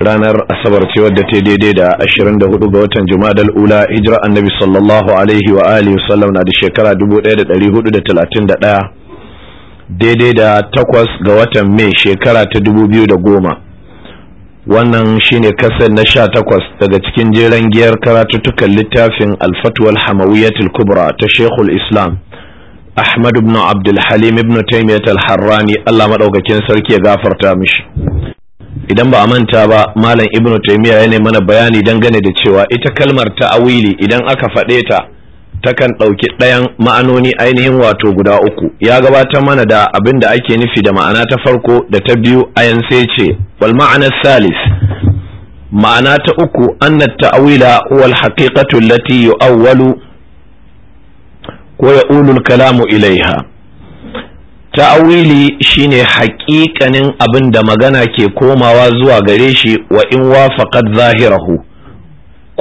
ranar asabar ce wadda ta daidai da 24 ga watan jumadal ula hijira annabi sallallahu alaihi wa alihi wasallam na da shekara 1431 daidai da takwas ga watan mai shekara ta 2010 wannan shine kasar na sha takwas daga cikin jeren giyar karatuttukan littafin alfatuwal hamawiyatul kubra ta shekul islam ahmad ibn abdulhalim ibn taimiyat al-harrani allah maɗaukakin sarki ya gafarta mishi idan ba a manta ba malam ibnu taymiya yana mana bayani dangane da cewa ita kalmar ta'awili idan aka faɗe ta takan ɗauki ɗayan ma'anoni ainihin wato guda uku ya gabatar mana da abin da ake nufi da ma'ana ta farko da ta biyu a sai ce wal ma'ana salis ma'ana ta uku anna ta'awila wal haqiqatu allati yu'awwalu ko ya'ulu al-kalamu ilaiha ta'awili shine haƙiƙanin abin da magana ke komawa zuwa gare shi wa in wafaqat zahirahu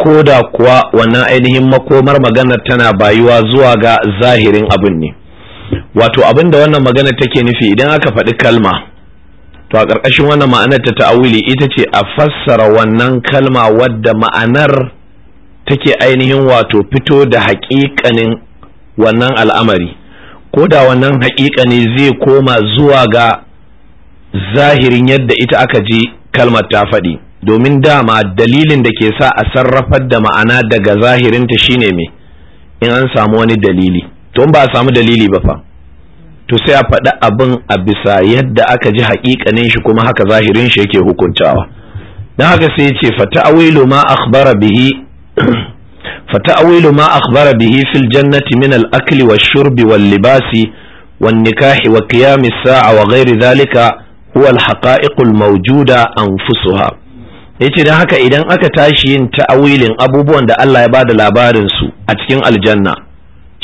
ko da kuwa wannan ainihin makomar magana tana bayuwa zuwa ga zahirin abin ne wato abin da wannan magana take nufi idan aka faɗi kalma to a ƙarƙashin wannan ma'anar ta ta'awili ita ce a fassara wannan kalma wadda ma'anar take ainihin wato fito da haƙiƙanin wannan al'amari ko da wannan haƙiƙa ne zai koma zuwa ga zahirin yadda ita aka ji kalmar ta faɗi domin dama dalilin da ke sa a sarrafar da ma'ana daga zahirinta shine mai, in an samu wani dalili to ba a samu dalili ba fa to sai a faɗi abin a bisa yadda aka ji haƙiƙanin shi kuma haka zahirin shi yake hukuntawa Na haka sai ce fata awilu ma akhbara bihi فتأويل ما أخبر به في الجنة من الأكل والشرب واللباس والنكاح وقيام الساعة وغير ذلك هو الحقائق الموجودة أنفسها yace don haka idan aka tashi yin ta'awilin abubuwan da Allah ya ba da labarinsu a cikin aljanna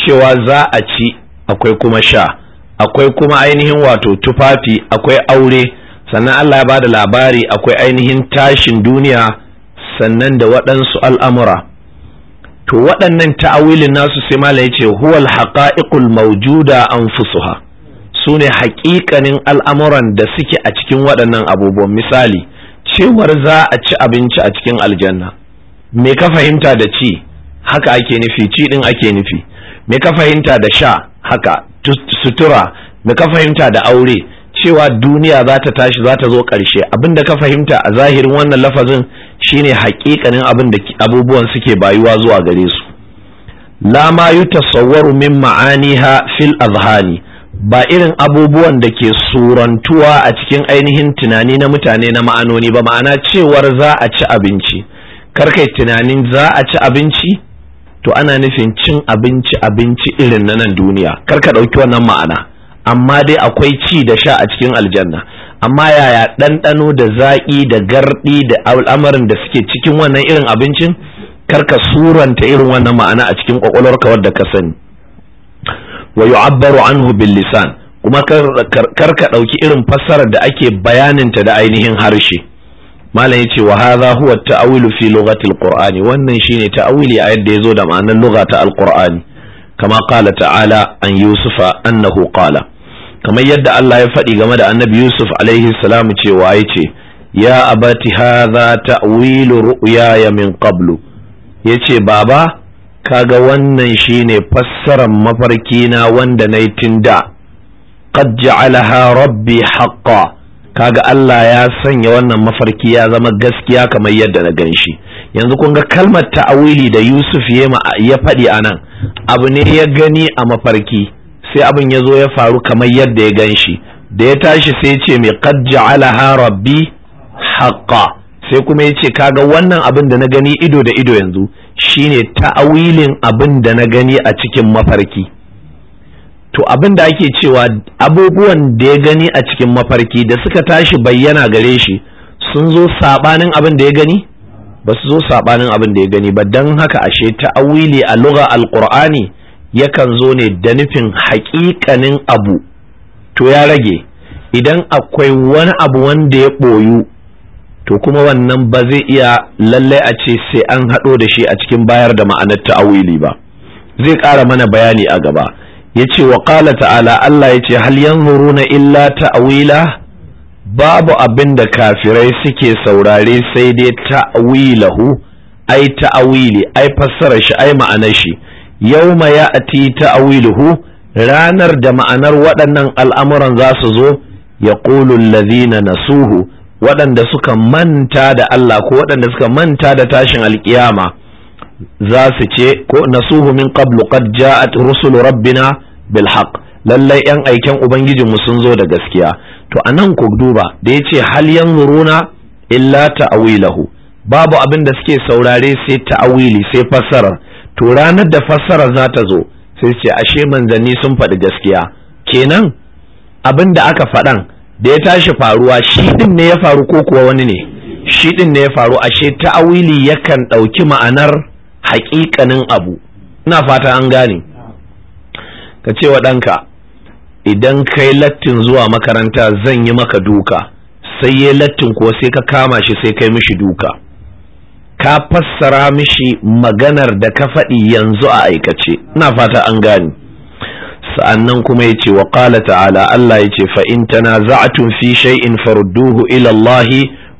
cewa za a ci akwai kuma sha akwai kuma ainihin wato tufafi akwai aure sannan Allah ya ba da labari akwai ainihin tashin duniya sannan da waɗansu al'amura to waɗannan ta'awilin nasu sai mala ya ce huwal haqa'iqul mawjuda anfusuha su ne haƙiƙanin al'amuran da suke a cikin waɗannan abubuwan misali cewar za a ci abinci a cikin aljanna me ka fahimta da ci haka ake nufi ci ɗin ake nufi me ka fahimta da sha haka sutura me ka fahimta da aure cewa duniya za ta tashi za ta zo ƙarshe abin da ka fahimta a zahirin wannan lafazin shine haƙiƙanin abin da abubuwan suke bayuwa zuwa gare su la ma yutasawwaru min ma'aniha fil azhani ba irin abubuwan da ke surantuwa a cikin ainihin tunani na mutane na ma'anoni ba ma'ana cewar za a ci abinci karkai tunanin za a ci abinci to ana nufin cin abinci abinci irin na nan duniya karka ɗauki wannan ma'ana amma dai akwai ci da sha a cikin aljanna amma yaya ɗanɗano da zaƙi da garɗi da al'amarin da suke cikin wannan irin abincin karka suranta irin wannan ma'ana a cikin kwakwalwarka wadda ka sani wa yu'abbaru anhu bil lisan kuma karka ɗauki irin fassarar da ake bayaninta da ainihin harshe malam yace wa hadha huwa ta'awilu fi lughati alqur'ani wannan shine ta'awili a yadda yazo da ma'anar lugha ta alqur'ani kama qala ta'ala an yusufa annahu qala kamar yadda Allah ya faɗi game da annabi Yusuf alaihi salamu cewa ya ce ya abati haza ta'wilu ru'ya ya min qablu ce, baba kaga wannan shine fassarar mafarki na wanda na tun da qad ja'alaha rabbi haƙƙa. kaga Allah ya sanya wannan mafarki ya zama gaskiya kamar yadda na ganshi. yanzu kun ga kalmar ta'awili da Yusuf ya faɗi a nan abu ne ya gani a mafarki sai abin ya zo ya faru kamar yadda ya gan shi da ya tashi sai ce mai qad ja'alaha rabbi haqqa sai kuma ya ce kaga wannan abin da na gani ido da ido yanzu shine ta'awilin abin da na gani a cikin mafarki to abin da ake cewa abubuwan da ya gani a cikin mafarki da suka tashi bayyana gare shi sun zo sabanin abin da ya gani ba su zo sabanin abin da ya gani ba don haka ashe ta'awili a lugha alqur'ani yakan zo ne da nufin haƙiƙanin abu to ya rage idan akwai wani abu wanda ya ɓoyu to kuma wannan ba zai iya lallai a ce sai an haɗo da shi a cikin bayar da ma'anar ta'awili ba zai ƙara mana bayani a gaba ya ce wa ƙala ta'ala Allah ya ce hal na illa ta'awila babu abin da kafirai suke saurare sai dai ta'awilahu ai ta'awili ai fassarar shi ai ma'anar shi yawma ya'ti ta'wiluhu ranar da ma'anar waɗannan al'amuran za su zo ya alladhina nasuhu waɗanda suka manta da Allah ko waɗanda suka manta da tashin alƙiyama za su ce ko nasuhu min qablu qad ja'at rusulu rabbina bil haqq lallai yan aiken mu sun zo da gaskiya to anan ku duba da yace hal yanzuruna illa ta'wilahu babu abin da suke saurare sai ta'wili sai fassarar to ranar da fassara za ta zo sai ce ashe manzanni sun faɗi gaskiya kenan abin da aka faɗan da ya tashi faruwa shi ɗin ne ya faru ko kuwa wani ne shi ɗin ne ya faru ashe ta'awili yakan ɗauki ma'anar haƙiƙanin abu ina fata an gane ka ce wa ɗanka idan kai lattin zuwa makaranta zan yi maka duka sai ya lattin kuwa sai ka kama shi sai kai mishi duka ka fassara mishi maganar da ka faɗi yanzu a aikace ina fata an gani sa'annan kuma ya ce wa ƙala ta'ala Allah ya ce fa'in tana za'atun fi shay'in farudduhu ilallahi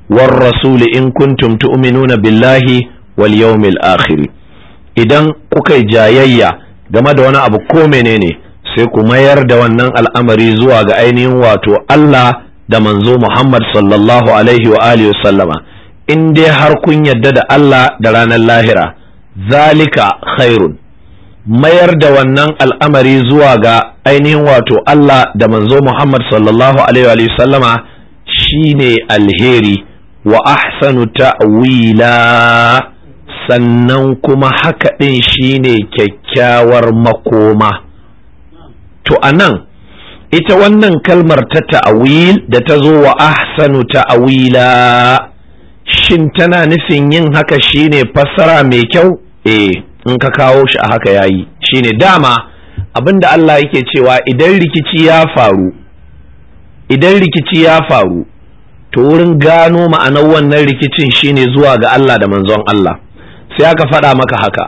war rasuli in kuntum tu'minuna billahi wal yawmil akhiri idan kuka jayayya game da wani abu ko menene sai ku mayar da wannan al'amari zuwa ga ainihin wato Allah da manzo Muhammad sallallahu alaihi wa alihi sallama in dai har kun yadda da Allah da ranar lahira zalika khairun mayar da wannan al'amari zuwa ga ainihin wato Allah da manzo Muhammad sallallahu alaihi wa sallama shine alheri wa ahsanu ta'wila sannan kuma haka din shine kyakkyawar makoma to anan ita wannan kalmar ta ta'wil da ta zo wa ahsanu ta'wila shin tana nufin yin haka shine fassara mai kyau eh in ka kawo shi a haka yayi shine dama abinda Allah yake cewa idan rikici ya faru idan rikici ya faru to wurin gano ma'anar wannan rikicin shine zuwa ga Allah da manzon Allah sai aka faɗa maka haka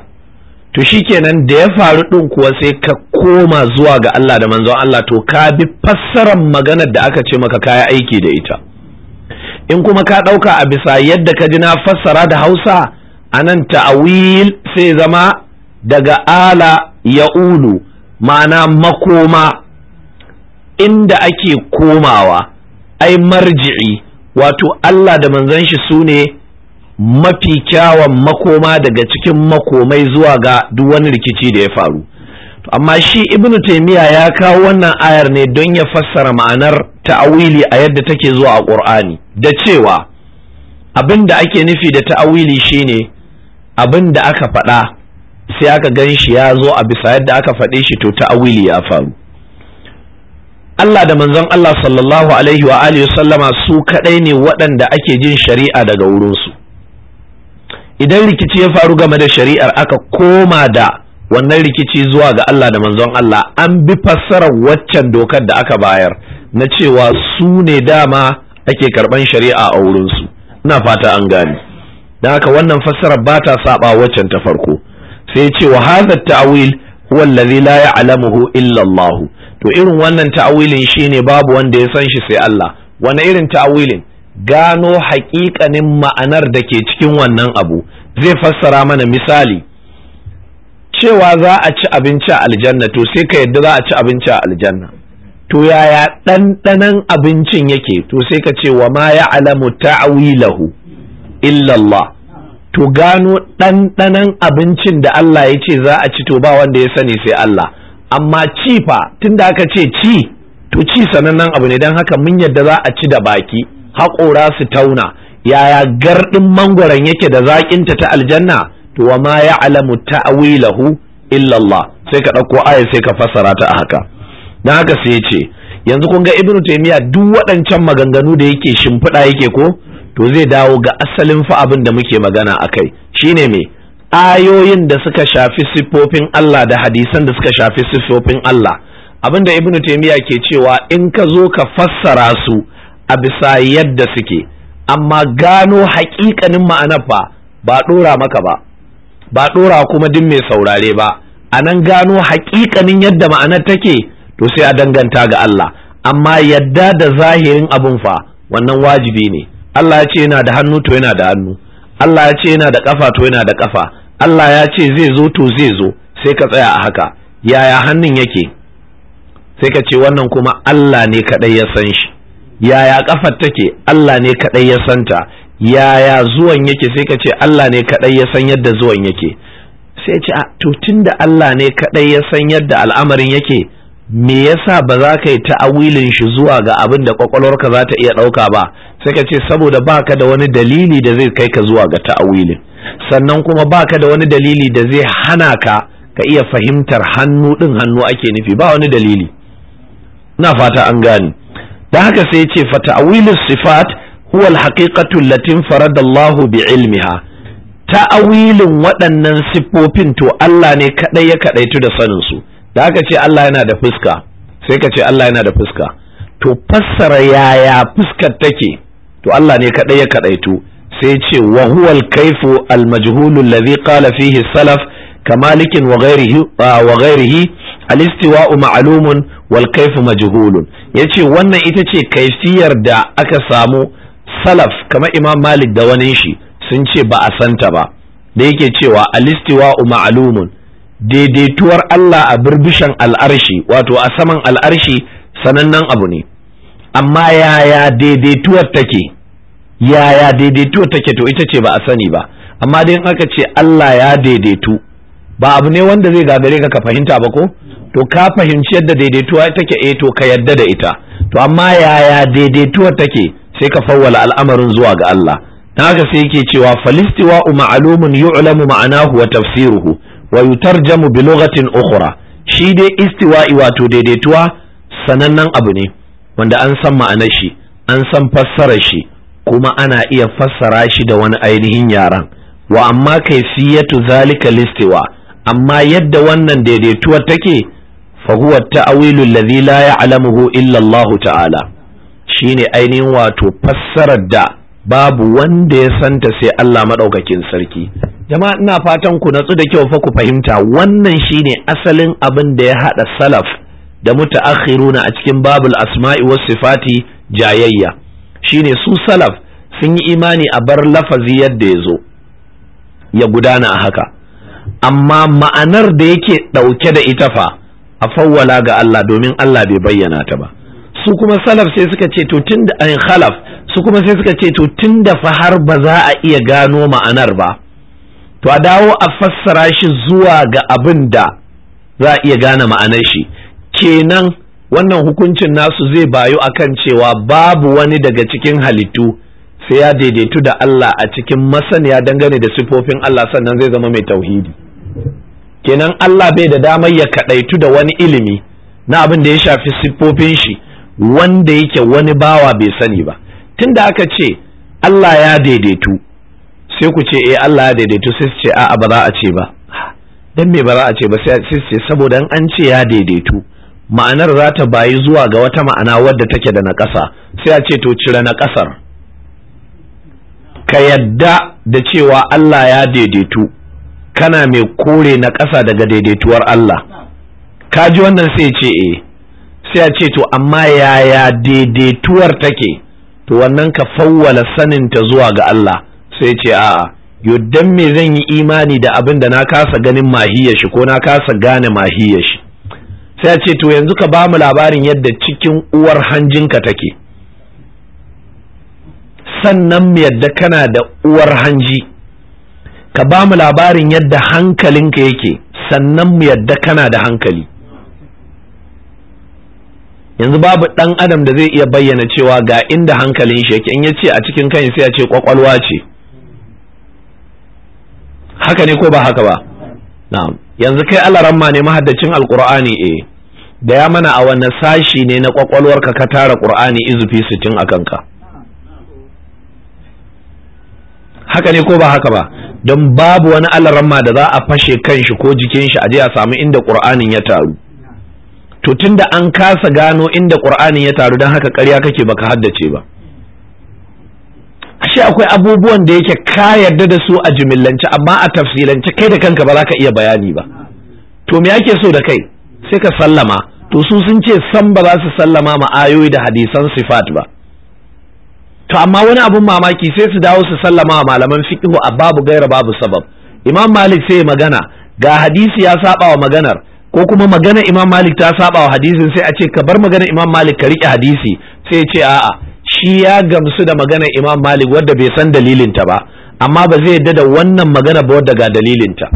to shikenan da ya faru ɗin kuwa sai ka koma zuwa ga Allah da manzon Allah to ka bi fassarar maganar da aka ce maka kaya aiki da ita in kuma ka ɗauka a bisa yadda ka ji na fassara da hausa a nan ta'awil sai zama daga ala ya ulu ma'ana makoma inda ake komawa ai marji'i wato Allah da manzon shi sune mafi kyawan makoma daga cikin makomai zuwa ga duk wani rikici da ya faru amma shi ibnu taymiya ya kawo wannan ayar ne don ya fassara ma'anar ta'awili a yadda take zuwa a qur'ani da cewa abin da ake nufi da ta'awili shine abin da aka faɗa sai aka gan shi ya zo a bisa yadda aka faɗe shi to ta'awili ya faru Allah da manzon Allah sallallahu alaihi wa alihi sallama su kadai ne waɗanda ake jin shari'a daga wurinsu idan rikici ya faru game da shari'ar aka koma da wannan rikici zuwa ga Allah da manzon Allah an bi fassarar waccan dokar da aka bayar na cewa su ne dama ake karban shari'a a wurinsu ina fata an gane don haka wannan fassarar ba ta saba waccan ta farko sai ce wa hadha ta'wil huwa allazi la ya'lamuhu illa Allah to irin wannan ta'awilin shine babu wanda ya san shi sai Allah wani irin ta'awilin gano haƙiƙanin ma'anar da ke cikin wannan abu zai fassara mana misali cewa za a ci abinci a aljanna to sai ka yadda za a ci abinci a aljanna to yaya ɗanɗanan abincin yake to sai ka ce wa ma ya alamu ta'awilahu illallah to gano ɗanɗanan abincin da Allah ya ce za a ci to ba wanda ya sani sai Allah amma ci fa tunda aka ce ci to ci sanannen abu ne don haka mun yadda za a ci da baki haƙora su tauna yaya garɗin mangwaron yake da zaƙinta ta aljanna to wa ma ya'lamu ta'wilahu illa Allah sai ka dauko aya sai ka fassara ta haka dan haka sai yace yanzu kun ga ibnu taymiya duk waɗancan maganganu da yake shimfiɗa yake ko to zai dawo ga asalin fa abin da muke magana akai shine me ayoyin da suka shafi siffofin Allah da hadisan da suka shafi siffofin Allah abin da ibnu taymiya ke cewa in ka zo ka fassara su a bisa yadda suke amma gano haƙiƙanin ma'anar fa ba ɗora maka ba ba ɗora kuma duk mai saurare ba a nan gano haƙiƙanin yadda ma'anar take to sai a danganta ga Allah amma yadda da zahirin abun fa wannan wajibi ne Allah ya ce yana da hannu to yana da hannu Allah ya ce yana da kafa to yana da ƙafa Allah ya ce zai zo to zai zo sai ka tsaya a haka yaya hannun yake sai ka ce wannan kuma Allah ne kadai ya san shi yaya kafar take Allah ne kadai ya santa yaya zuwan yake sai ka ce Allah ne kadai ya san yadda zuwan yake sai ce a ah, to tunda Allah ne kaɗai ya san yadda al'amarin yake me yasa ba za ka yi ta'awilin shi zuwa ga abin da kwakwalwarka za ta iya ɗauka ba sai ka ce saboda baka da wani dalili da zai kai ka zuwa ga ta'awilin sannan kuma baka da wani dalili da zai hana ka ka iya fahimtar hannu ɗin hannu ake nufi ba wani dalili na fata an gane da haka sai ce fa sifat huwa al-haqiqatu allati faradallahu bi ilmiha ta'awilin waɗannan siffofin to Allah ne kadai ya kadaitu da sanin da aka ce Allah yana da fuska sai ka ce Allah yana da fuska to fassara yaya fuskar take to Allah ne kadai ya kadaitu sai ce wa huwa al-kayfu al-majhulu alladhi qala fihi salaf كمالك وغيره وغيره الاستواء معلوم والكيف yace wannan ita ce kaifiyar da aka samu salaf kamar imam malik da wani shi sun ce ba a santa ba da yake cewa alistiwa ma'lumun daidaituwar Allah a birbishan al'arshi wato a saman al'arshi sanannen abu ne amma yaya daidaituwar take yaya daidaituwar take to ita ce ba a sani ba amma dai aka ce Allah ya daidaitu ba abu ne wanda zai gagare ka ka fahimta ba ko to ka fahimci yadda daidaituwa take eh to ka yadda da ita to amma yaya daidaituwar take sai ka fawwala al'amarin zuwa ga Allah dan haka sai yake cewa falistiwa'u ma'lumun yu'lamu ma'anahu wa tafsiruhu wa yutarjamu bi lughatin ukhra shi dai istiwa'i wato daidaituwa sanannen abu ne wanda an san ma'anar shi an san fassarar shi kuma ana iya fassara shi da wani ainihin yaran wa amma kaifiyatu zalika listiwa amma yadda wannan daidaituwa take fa huwa ta'awilul ladhi la ya'lamuhu illa Allah ta'ala shine ainihin wato fassarar da babu wanda ya santa sai Allah maɗaukakin sarki jama'a ina fatan ku natsu da kyau fa ku fahimta wannan shi ne asalin abin da ya haɗa salaf da muta'akhiruna a cikin babul asma'i was sifati jayayya Shi ne su salaf sun yi imani a bar lafazi yadda ya zo ya gudana a haka amma ma'anar da yake ɗauke da ita fa a fawwala ga Allah domin Allah bai bayyana ta ba su kuma salaf sai suka ce to tun da ayin eh, khalaf su kuma sai suka ce to tun da fa har ba za a iya gano ma'anar ba to a dawo a fassara shi zuwa ga abin da za a iya gane ma'anar shi kenan wannan hukuncin nasu zai bayu akan cewa babu wani daga cikin halittu sai ya daidaitu da Allah a cikin masaniya dangane da sifofin Allah sannan zai zama mai tauhidi kenan Allah bai da damar ya kadaitu da wani ilimi na abin da ya shafi siffofin shi wanda yake wani bawa bai sani ba tunda aka ce Allah ya daidaitu sai ku ce eh Allah ya daidaitu sai su ce a'a ba za a ce ba dan me ba za a ce ba sai su ce saboda an ce ya daidaitu ma'anar za ta bayi zuwa ga wata ma'ana wadda take da na ƙasa sai a ce to cire na ƙasar. ka yadda da cewa Allah ya daidaitu kana mai kore na ƙasa daga daidaituwar Allah ka ji wannan sai ce eh sai a ce to amma yaya daidaituwar take to wannan ka fawwala saninta zuwa ga Allah sai ce a'a yo dan me zan yi imani da abin da na kasa ganin mahiyar shi ko na kasa gane mahiyar shi sai a ce to yanzu ka ba mu labarin yadda cikin uwar hanjinka take sannan mu yadda kana da uwar hanji ka ba mu labarin yadda hankalinka yake sannan mu yadda kana da hankali yanzu babu ɗan adam da zai iya bayyana cewa ga inda hankalin shi yake in ya ce a cikin kan sai ya ce kwakwalwa ce haka ne ko ba haka ba na'am yanzu kai alaramma ne mahaddacin alqur'ani eh da ya mana a wani sashi ne na kwakwalwar ka ka tara qur'ani izufi sittin a kanka haka ne ko ba haka ba don babu wani alaramma da za a fashe kanshi ko jikin shi a je a samu inda qur'anin ya taru to tunda an kasa gano inda qur'ani ya taru don haka ƙarya kake baka haddace ba ashe akwai abubuwan da yake ka yarda da su a jimillance amma a tafsirance kai da kanka ba za ka iya bayani ba to me ake so da kai sai ka sallama to su sun ce san ba za su sallama ma ayoyi da hadisan sifat ba to amma wani abun mamaki sai su dawo su sallama wa malaman fiqh a babu gaira babu sabab imam malik sai magana ga hadisi ya saba wa maganar ko kuma magana imam malik ta saba wa hadisin sai a ce ka bar magana imam malik ka riƙe hadisi sai ce a'a shi ya gamsu da magana imam malik wadda bai san dalilinta ba amma ba zai yadda da wannan magana ba wadda ga dalilinta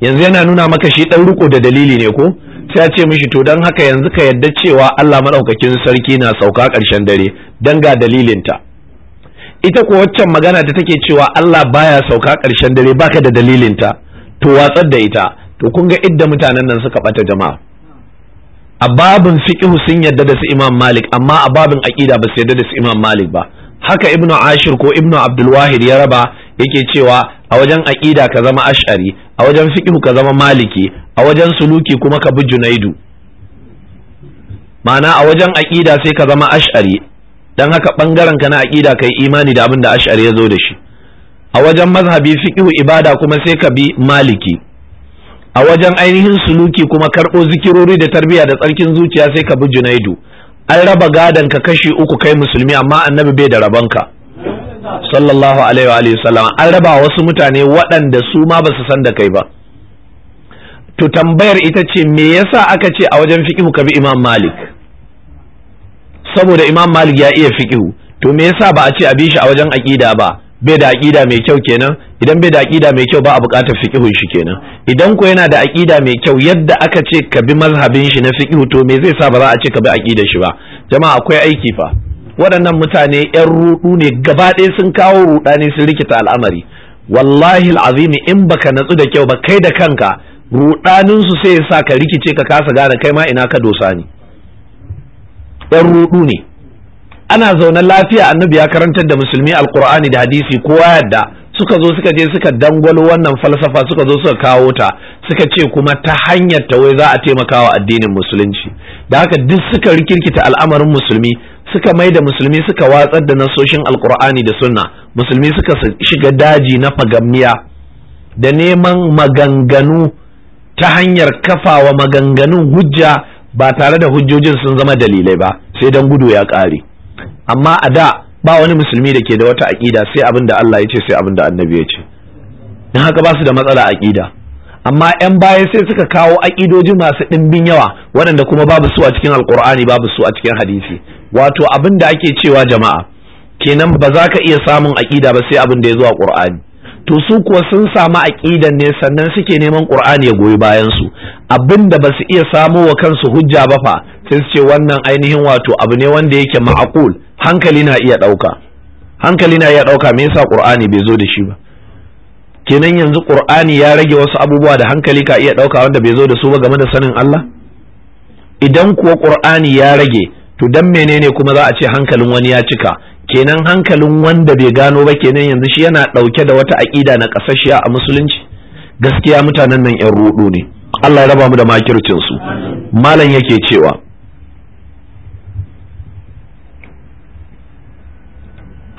yanzu yana nuna maka shi ɗan riko da dalili ne ko sai a ce mishi to don haka yanzu ka yadda cewa Allah maɗaukakin sarki na sauka ƙarshen dare don ga dalilinta ita ko waccan magana ta take cewa Allah baya sauka ƙarshen dare baka da dalilinta to watsar da ita to kun ga idda mutanen nan suka bata jama'a a babin fiqhu sun yadda da su Imam Malik amma a babin aqida ba su yadda da su Imam Malik ba haka Ibn Ashir ko Ibn Abdul Wahid ya raba yake cewa a wajen aqida ka zama Ash'ari a wajen fiqhu ka zama Maliki a wajen suluki kuma ka bi Junaidu ma'ana a wajen aqida sai ka zama Ash'ari dan haka bangaren ka na aqida kai imani da abin da Ash'ari ya zo da shi a wajen mazhabi fiqhu ibada kuma sai ka bi Maliki a wajen ainihin suluki kuma karɓo zikirori da tarbiyya da tsarkin zuciya sai ka bi junaidu an raba gadon ka kashi uku kai musulmi amma annabi bai da ka. sallallahu alaihi wa sallam an raba wasu mutane waɗanda su ma ba su san da kai ba to tambayar ita ce me yasa aka ce a wajen fiqhu ka bi imam malik saboda imam malik ya iya fiqhu to me yasa ba a ce a bi shi a wajen aqida ba bai da aƙida mai kyau kenan idan bai da aƙida mai kyau ba a buƙatar fiƙihun shi kenan idan ko yana da aƙida mai kyau yadda aka ce ka bi mazhabin shi na fiƙihu to me zai sa ba za a ce ka bi aƙida shi ba jama'a akwai aiki fa waɗannan mutane yan ruɗu ne gaba ɗaya sun kawo rudani sun rikita al'amari wallahi al'azim in baka natsu da kyau ba kai da kanka rudanin su sai ya sa ka rikice ka kasa gane kai ma ina ka dosa ni yan ruɗu ne ana zaune lafiya annabi ya karantar da musulmi alkur'ani da hadisi kowa yadda suka zo suka je suka dangwalo wannan falsafa suka zo suka kawo ta suka ce kuma ta hanyar ta wai za a taimaka wa addinin musulunci da haka duk suka rikirkita al'amarin musulmi suka mai da musulmi suka watsar da nasoshin alkur'ani da sunna musulmi suka shiga daji na fagamniya da neman maganganu ta hanyar kafawa maganganun hujja ba tare da hujjojin sun zama dalilai ba sai dan gudu ya ƙare. amma a da ba wani musulmi da ke da wata aƙida sai abin da Allah ya ce sai abin da annabi ya ce don haka ba su da matsala aƙida amma 'yan baya sai suka kawo aƙidoji masu ɗimbin yawa waɗanda kuma babu su a cikin alƙur'ani babu su a cikin hadisi wato abin da ake cewa jama'a kenan ba za ka iya samun aƙida ba sai abin da ya zo a ƙur'ani to su kuwa sun samu aqidan ne sannan suke neman qur'ani ya goyi bayan su abinda ba su iya samo wa kansu hujja ba fa sai su ce wannan ainihin wato abu ne wanda yake ma'aqul hankali na iya dauka hankali na iya dauka me yasa qur'ani bai zo da shi ba kenan yanzu qur'ani ya rage wasu abubuwa da hankali ka iya ɗauka wanda bai zo da su ba game da sanin Allah idan kuwa qur'ani ya rage to dan menene kuma za a ce hankalin wani ya cika kenan hankalin wanda bai gano ba kenan yanzu shi yana ɗauke da wata aƙida na ƙasashiya a musulunci gaskiya mutanen nan yan ruɗu ne Allah ya raba mu da makircin su malam yake cewa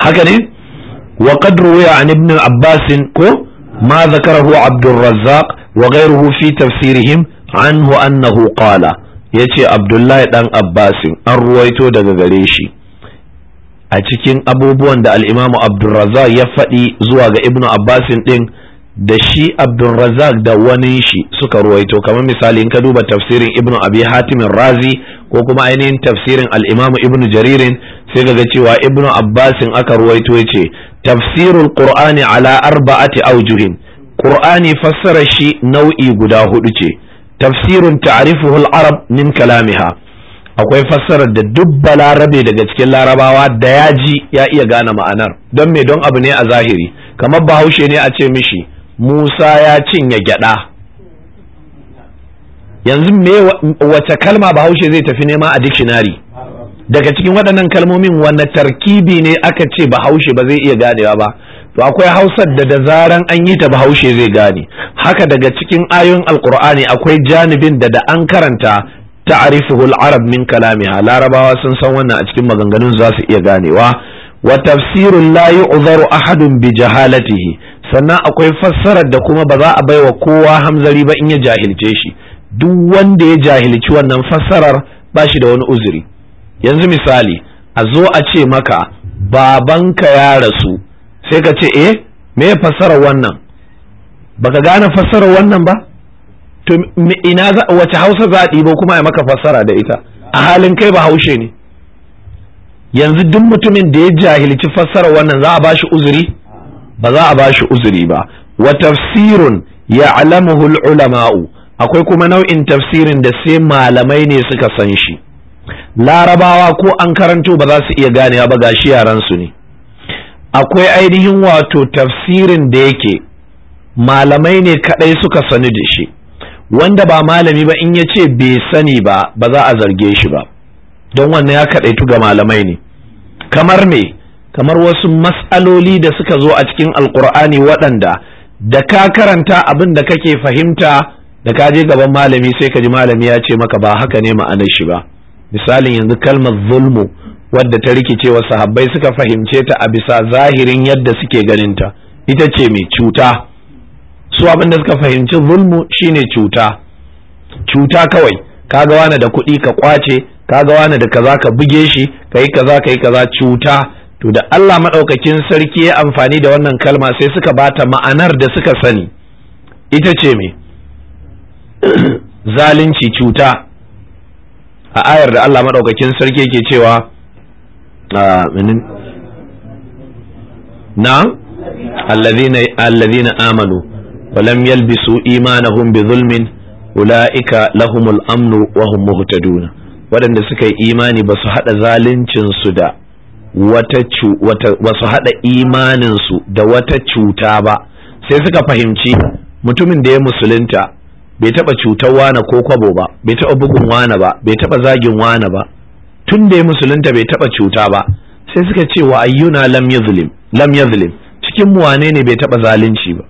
haka ne wa qadru ya an ibn abbas ko ma zakarahu abdul razzaq wa ghayruhu fi tafsirihim anhu annahu qala yace abdullahi dan abbasin an ruwaito daga gare shi a cikin abubuwan da al'imamu abdulrazak ya faɗi zuwa ga ibnu abbasin ɗin da shi abdulrazak da wani shi suka ruwaito kamar misali in ka duba tafsirin ibnu abi hatimin razi ko kuma ainihin tafsirin al'imamu ibnu jaririn sai ga cewa ibnu abbasin aka ruwaito ya ce tafsirul qur'ani ala arba'ati aujuhin qur'ani fassara shi nau'i guda hudu ce tafsirun ta'rifuhu al-arab min kalamiha akwai fassarar da duk balarabe daga cikin larabawa da ya ji ya iya gane ma'anar don me don abu ne a zahiri kamar bahaushe ne a ce mishi musa ya cinye gyada yanzu me wace kalma bahaushe zai tafi nema a dikshinari daga cikin waɗannan kalmomin wanne tarkibi ne aka ce bahaushe ba zai iya ganewa ba to akwai hausar da da zaran an yi ta bahaushe zai gane haka daga cikin ayoyin alkur'ani akwai janibin da da an karanta ta'rifuhu al-arab min kalamiha larabawa sun san wannan a cikin maganganun za su iya ganewa wa tafsirun la yu'zaru ahadun bi jahalatihi sannan akwai fassarar da kuma ba za a baiwa kowa hamzari ba in ya jahilce shi duk wanda ya jahilci wannan fassarar ba shi da wani uzuri yanzu misali a zo a ce maka babanka ya rasu sai ka ce eh me fassarar wannan baka gane fassarar wannan ba to ina wace hausa za a ɗibo kuma ya maka fassara da ita a halin kai ba haushe ne yanzu duk mutumin da ya jahilci fassara wannan za a bashi uzuri ba za a bashi uzuri ba wa tafsirun ya'lamuhu ulama'u akwai kuma nau'in tafsirin da sai malamai ne suka san shi larabawa ko an karanto ba za su iya ganewa ba gashi yaran su ne akwai ainihin wato tafsirin da yake malamai ne kadai suka sani da shi wanda ba malami ba in ya ce bai sani ba ba za a zarge shi ba don wannan ya kaɗaitu ga malamai ne kamar me kamar wasu mas'aloli da suka zo a cikin alkur'ani waɗanda da ka karanta abin da kake fahimta da ka je gaban malami sai ka ji malami ya ce maka ba haka ne ma'anar shi ba misalin yanzu kalmar zulmu wadda ta rikice wa sahabbai suka fahimce ta a bisa zahirin yadda suke ganinta ita ce mai cuta su abin da suka fahimci zulmu shine cuta cuta kawai kaga wani da kuɗi ka kwace kaga wani da kaza ka buge shi kai kaza kai kaza cuta to da Allah madaukakin sarki ya amfani da wannan kalma sai suka bata ma'anar da suka sani ita ce me zalunci cuta a ayar da Allah madaukakin sarki yake cewa na allazina amanu ولم يلبسوا إيمانهم zulmin, أولئك لهم الأمن وهم مهتدون waɗanda suka yi imani ba su haɗa zaluncinsu da ba su haɗa imaninsu da wata cuta ba sai suka fahimci mutumin da ya musulunta bai taɓa cutar wane ko kwabo ba bai taɓa bugun wane ba bai taɓa zagin wana ba tun da ya musulunta bai taɓa cuta ba sai suka ce wa ayyuna lam yazlim cikin mu wanene bai taɓa zalunci ba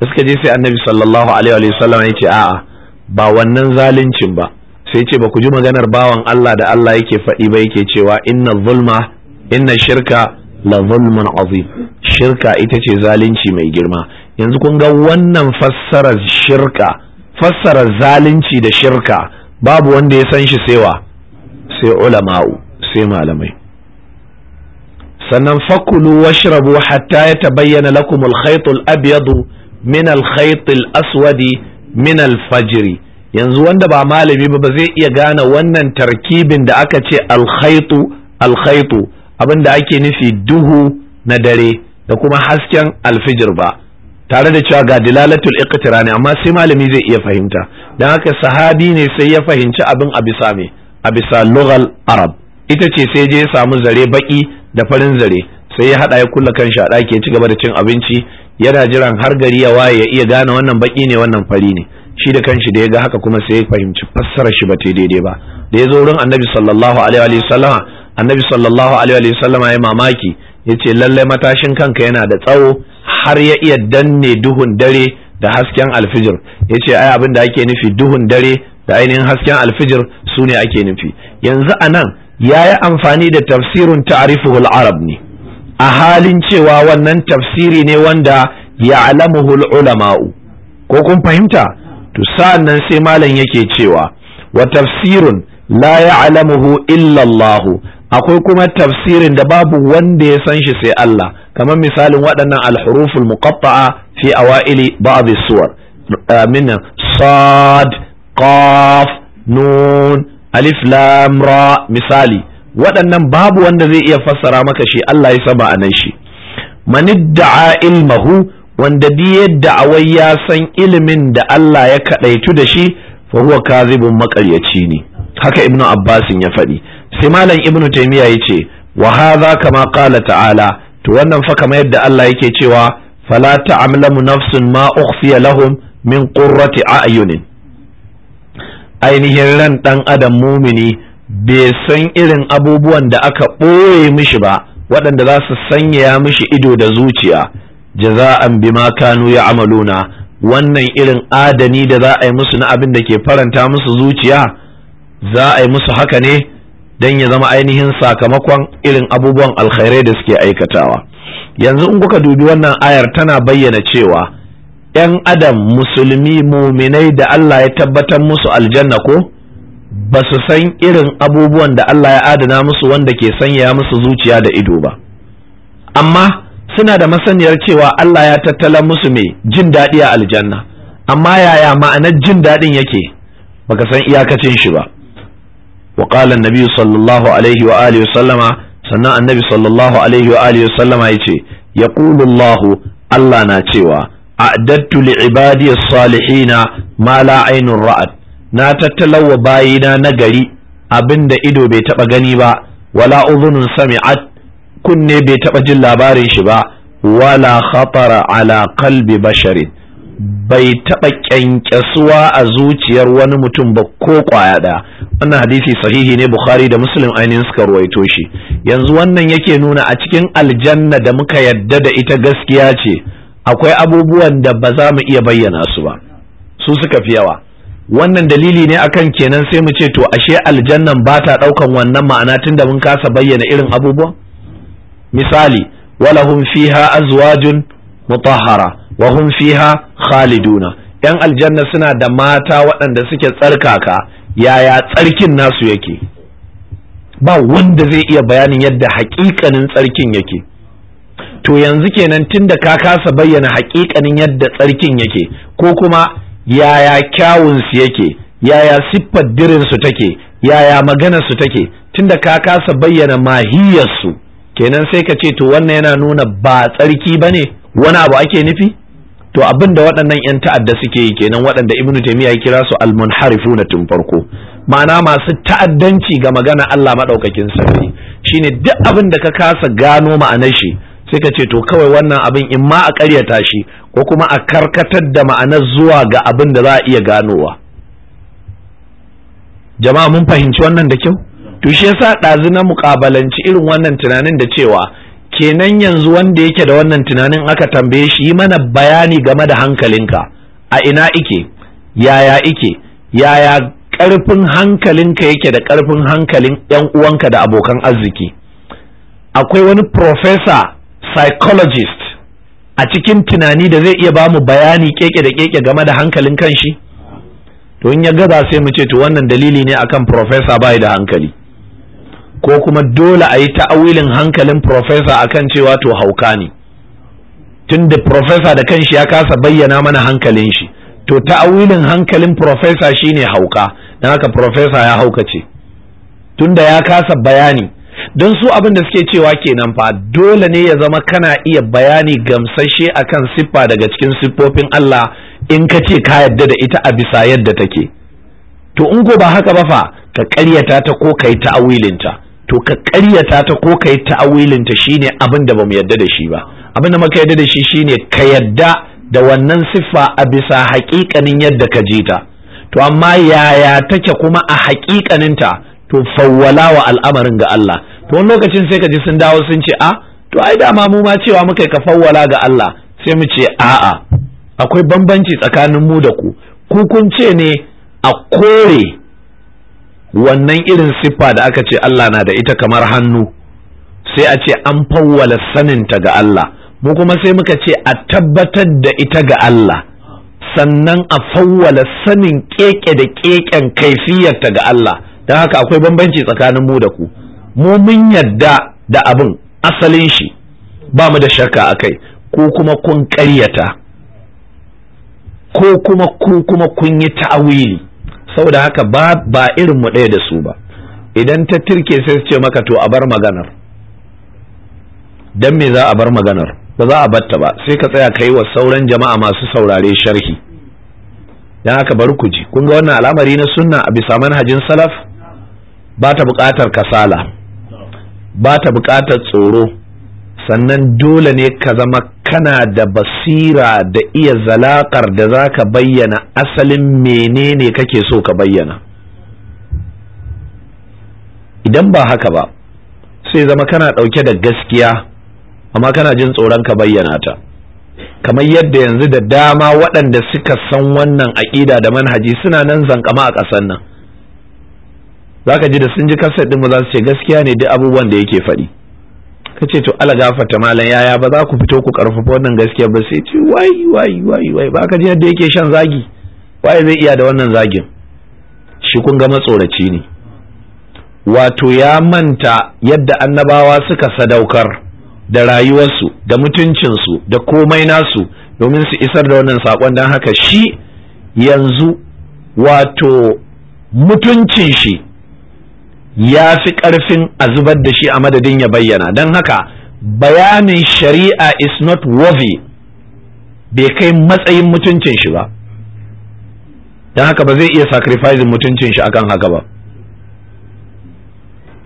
da suka je sai annabi sallallahu alaihi wa sallam ya ce a'a ba wannan zaluncin ba sai ce ba ku ji maganar bawan Allah da Allah yake faɗi ba yake cewa inna zulma inna shirka la zulmun azim shirka ita ce zalunci mai girma yanzu kun ga wannan fassara shirka fassara zalunci da shirka babu wanda ya san shi sewa sai ulama'u sai malamai sannan fakulu washrabu hatta ya tabayyana lakum al-khayt min al aswadi min al yanzu wanda ba malami ba ba zai iya gane wannan tarkibin da aka ce alkhaitu alkhaitu abin da ake nufi duhu na dare da kuma hasken alfijir ba tare da cewa ga dilalatul iqtira ne amma sai malami zai iya fahimta dan haka sahabi ne sai ya fahimci abin a bisa me a bisa lughal arab ita ce sai je ya samu zare baki da farin zare sai ya hada ya kulla kan shi a ɗaki ya ci gaba da cin abinci yana jiran har gari ya waye ya iya gane wannan baki ne wannan fari ne shi da kanshi da ya ga haka kuma sai ya fahimci fassara shi ba ta daidai ba da ya zo wurin annabi sallallahu alaihi wa annabi sallallahu alaihi wa ya mamaki ya ce lallai matashin kanka yana da tsawo har ya iya danne duhun dare da hasken alfijir ya ce ai abin da ake nufi duhun dare da ainihin hasken alfijir su ne ake nufi yanzu a nan ya yi amfani da tafsirin ta'arifuhul arab ne a halin cewa wannan tafsiri ne wanda ya ya'lamuhu ulama'u ko kun fahimta to nan sai malam yake cewa wa tafsirun la ya'lamuhu illa illallahu akwai kuma tafsirin da babu wanda ya san shi sai Allah kamar misalin waɗannan alhuruful huruful muqatta'a fi awaili ba'd suwar eh, sad qaf nun alif lam misali waɗannan babu wanda zai iya fassara maka shi Allah ya saba anan shi manidda'a ilmahu wanda bi da'awai ya san ilimin da Allah ya kadaitu da shi fa huwa kazibun maƙaryaci ne haka ibnu abbasin ya faɗi sai malam ibnu taymiya yace wa hadha kama qala ta'ala to wannan fa kamar yadda Allah yake cewa fala ta'amlamu nafsun ma ukhfiya lahum min qurrati a'yunin ainihin ran dan adam mumini bai san irin abubuwan da aka ɓoye mishi ba waɗanda za su sanyaya mishi ido da zuciya jaza'an ma kanu ya amaluna wannan irin adani da za a yi musu na abin da ke faranta musu zuciya za a yi musu haka ne don ya zama ainihin sakamakon irin abubuwan alkhairai da suke aikatawa yanzu in kuka dubi wannan ayar tana bayyana cewa 'yan adam musulmi muminai da Allah ya tabbatar musu aljanna ko ba su san irin abubuwan da Allah ya adana musu wanda ke sanya musu zuciya da ido ba amma suna da masaniyar cewa Allah ya tattala musu mai jin daɗi a aljanna amma yaya ma'anar jin daɗin yake baka san iyakacin shi ba wa qala annabi sallallahu alaihi wa alihi wa sallama sannan annabi sallallahu alaihi wa alihi wa sallama yace yaqulu Allah Allah na cewa a'dattu li ibadi as-salihina ma la ra'at na tattalawa bayina na gari abin da ido bai taɓa gani ba wala uzunun sami'at kunne bai taɓa jin labarin shi ba wala khatara ala kalbi basharin bai taɓa ƙyanƙyasuwa a zuciyar wani mutum ba ko ƙwaya ɗaya wannan hadisi sahihi ne bukhari da muslim ainihin suka ruwaito shi yanzu wannan yake nuna a cikin aljanna da muka yadda da ita gaskiya ce akwai abubuwan da ba za mu iya bayyana su ba su suka fi yawa wannan dalili ne akan kenan sai mu ce to ashe aljannan ba ta ɗaukan wannan ma'ana tunda mun kasa bayyana irin abubuwa misali walahum fiha azwajun mutahhara wa hum fiha khaliduna yan aljanna suna da mata waɗanda suke tsarkaka yaya tsarkin nasu yake ba wanda zai iya bayanin yadda haƙiƙanin tsarkin yake to yanzu kenan tunda ka kasa bayyana haƙiƙanin yadda tsarkin yake ko kuma yaya kyawunsu yake yaya siffar dirinsu take yaya maganarsu take tunda ka kasa bayyana mahiyarsu kenan sai ka ce to wannan yana nuna ba tsarki ba ne wani abu ake nufi to abin da waɗannan 'yan ta'adda suke yi kenan waɗanda ibnu taymiya ya kira su na tun farko ma'ana masu ta'addanci ga magana Allah maɗaukakin sarki shine duk abin da ka kasa gano ma'anar shi sai ka ce to kawai wannan abin in ma a karyata shi ko kuma a karkatar da ma'anar zuwa ga abin da za a iya ganowa jama'a mun fahimci wannan da kyau to shi yasa ɗazu na mukabalanci irin wannan tunanin da cewa kenan yanzu wanda yake da wannan tunanin aka tambaye shi yi mana bayani game da hankalinka a ina ike yaya ike yaya ƙarfin hankalinka yake da ƙarfin hankalin 'yan uwanka da abokan arziki akwai wani profesa psychologist a cikin tunani da zai iya bamu bayani keke da keke game da hankalin kanshi to in ya gaza sai mu ce to wannan dalili ne akan professor bai da hankali ko kuma dole a yi ta'awilin hankalin professor akan cewa to hauka ne tun da professor da kanshi ya kasa bayyana mana hankalin shi to ta'awilin hankalin professor shine hauka don haka professor ya haukace Tunda ya kasa bayani don su abin da suke cewa kenan fa dole ne ya zama kana iya bayani gamsashe akan siffa daga cikin siffofin Allah in ka ce ka yadda da ita a bisa yadda take to in ko ba haka ba fa ka ƙaryata ta ko kai ta'awilinta to ka ƙaryata ta ko kai ta'awilinta shine abin da bamu yadda da shi ba abin da muka yadda da shi shine ka yadda da wannan siffa a bisa haƙiƙanin yadda ka ji ta to amma yaya take kuma a haƙiƙaninta to fawwala wa al'amarin ga Allah to wani lokacin sai ka ji sun dawo sun ce a ah, to ai dama mu ma cewa muka ka fawwala ga Allah sai mu ce a'a akwai bambanci tsakanin mu da ku ku kun ce ne a kore wannan irin siffa da aka ce Allah na da ita kamar hannu sai a ce an fawwala saninta ga Allah mu kuma sai muka ce a tabbatar da ita ga Allah sannan a fawwala sanin keke da keken kaifiyarta ga Allah don haka akwai bambanci tsakanin mu da ku mu mun yadda da abin asalin shi ba mu da shakka kai ko kuma kun ƙaryata ko kuma ku kuma kun yi ta'awili saboda haka ba irin mu ɗaya da su ba idan ta tirke sai su ce maka to a bar maganar don me za a bar maganar ba za a batta ba sai ka tsaya ka yi wa sauran jama'a masu saurare sharhi Don haka bari ku ji kun ga wannan al'amari na sunna a bisa manhajin salaf ba ta buƙatar kasala ba ta buƙatar tsoro sannan dole ne ka zama kana da basira da iya zalakar da za ka bayyana asalin menene kake so ka bayyana idan ba haka ba sai zama kana ɗauke da gaskiya amma kana jin tsoron ka bayyana ta kamar yadda yanzu da dama waɗanda suka san wannan aƙida da manhaji suna nan zankama a ƙasar nan Za ka ji da sun ji kasar din ba za su ce gaskiya ne duk abubuwan da yake faɗi Ka ce to ala gafarta malam yaya ba za ku fito ku karfafa wannan gaskiya ba sai ce wai wai wai wai ba ka ji yadda yake shan zagi wai zai iya da wannan zagin shi kun ga matsoraci ne wato ya manta yadda annabawa suka sadaukar da rayuwarsu da mutuncinsu da komai nasu domin su isar da wannan saƙon don haka shi yanzu wato mutuncin shi ya fi ƙarfin a zubar da shi a madadin ya bayyana don haka bayanin shari'a is not worthy bai kai matsayin mutuncin shi ba don haka ba zai iya sacrificing mutuncin shi akan haka ba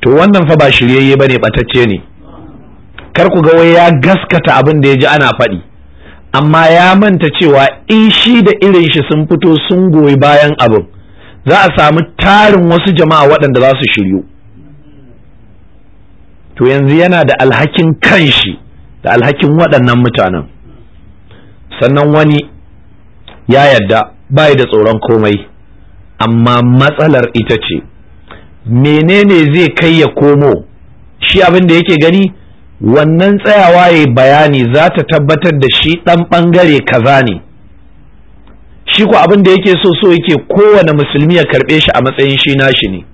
to wannan fa ba shiryayye ba ne ɓatacce ne kar ku ga wai ya gaskata abin da ya ji ana faɗi amma ya manta cewa in shi da irin shi sun fito sun goyi bayan abin za a samu tarin wasu jama'a waɗanda za su shiryu to yanzu yana da alhakin kanshi da alhakin waɗannan mutanen sannan wani ya yadda bai da tsoron komai amma matsalar ita ce menene zai kai ya komo shi abin da yake gani wannan tsayawa ya bayani za ta tabbatar da shi ɗan ɓangare kaza ne shi ko abin da yake so so yake kowane musulmi ya karɓe shi a matsayin shi nashi ne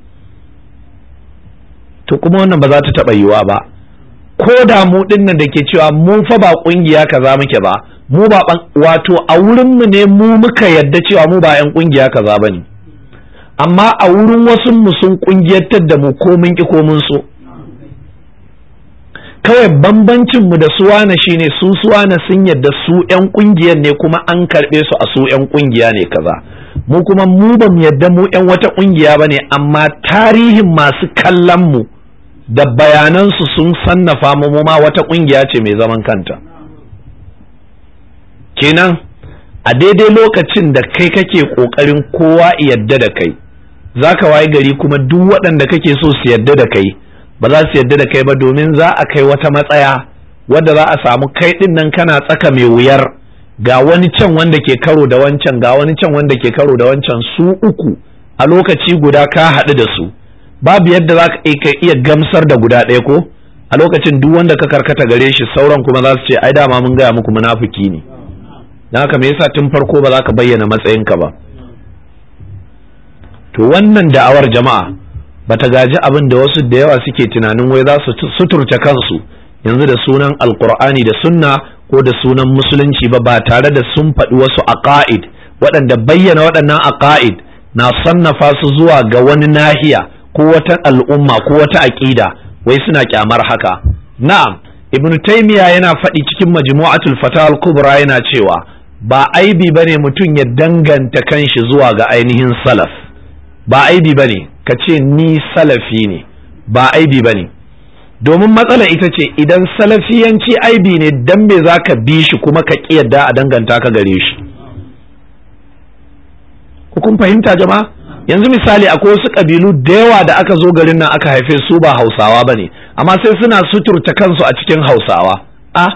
to kuma wannan ba za ta taɓa yiwa ba ko da mu dinnan da ke cewa mu fa ba ƙungiya kaza muke ba mu ba wato a wurin mu ne mu muka yadda cewa mu ba 'yan ƙungiya kaza ba ne amma a wurin wasu mu sun kungiyar da mu ko mun ki ko mun so kawai bambancin mu da suwana shine su suwana sun yadda su yan kungiyar ne kuma an karbe su a su yan kungiya ne kaza mu kuma mu ba mu yadda mu yan wata kungiya bane amma tarihin masu kallon mu da bayanansu sun sannafa mu ma wata kungiya ce mai zaman kanta kenan a daidai lokacin da kai kake kokarin kowa yadda da kai zaka waye gari kuma duk waɗanda kake so su yadda da kai ba za su yadda da kai ba domin za a kai wata matsaya wadda za a samu kai din nan kana tsaka mai wuyar ga wani can wanda ke karo da wancan ga wani can wanda ke karo da wancan su uku a lokaci guda ka haɗu da su babu yadda za ka iya gamsar da guda ɗaya ko a lokacin duk wanda ka karkata gare shi sauran kuma za su ce ai dama mun gaya muku munafiki ne don haka me yasa tun farko ba za ka bayyana matsayinka ba to wannan da'awar jama'a bata gaji abin da wasu da yawa suke tunanin wai za su suturta kansu yanzu da sunan alkur'ani da sunna ko da sunan musulunci ba ba tare da sun faɗi wasu aqaid waɗanda bayyana waɗannan aqaid na sannafa su zuwa ga wani nahiya ko wata al'umma ko wata aƙida wai suna kyamar haka na'am ibn taymiya yana faɗi cikin majmu'atul fatawal kubra yana cewa ba aibi bane mutum ya danganta kanshi zuwa ga ainihin salaf ba aibi bane ka ce ni salafi ne ba aibi ba ne domin matsalar ita ce idan salafiyanci aibi ne dan me za ka bi shi kuma ka yadda a danganta ka gare shi kun fahimta jama yanzu misali akwai wasu ƙabilu da yawa da aka zo garin nan aka haife su ba hausawa ba ne amma sai suna suturta kansu a cikin hausawa a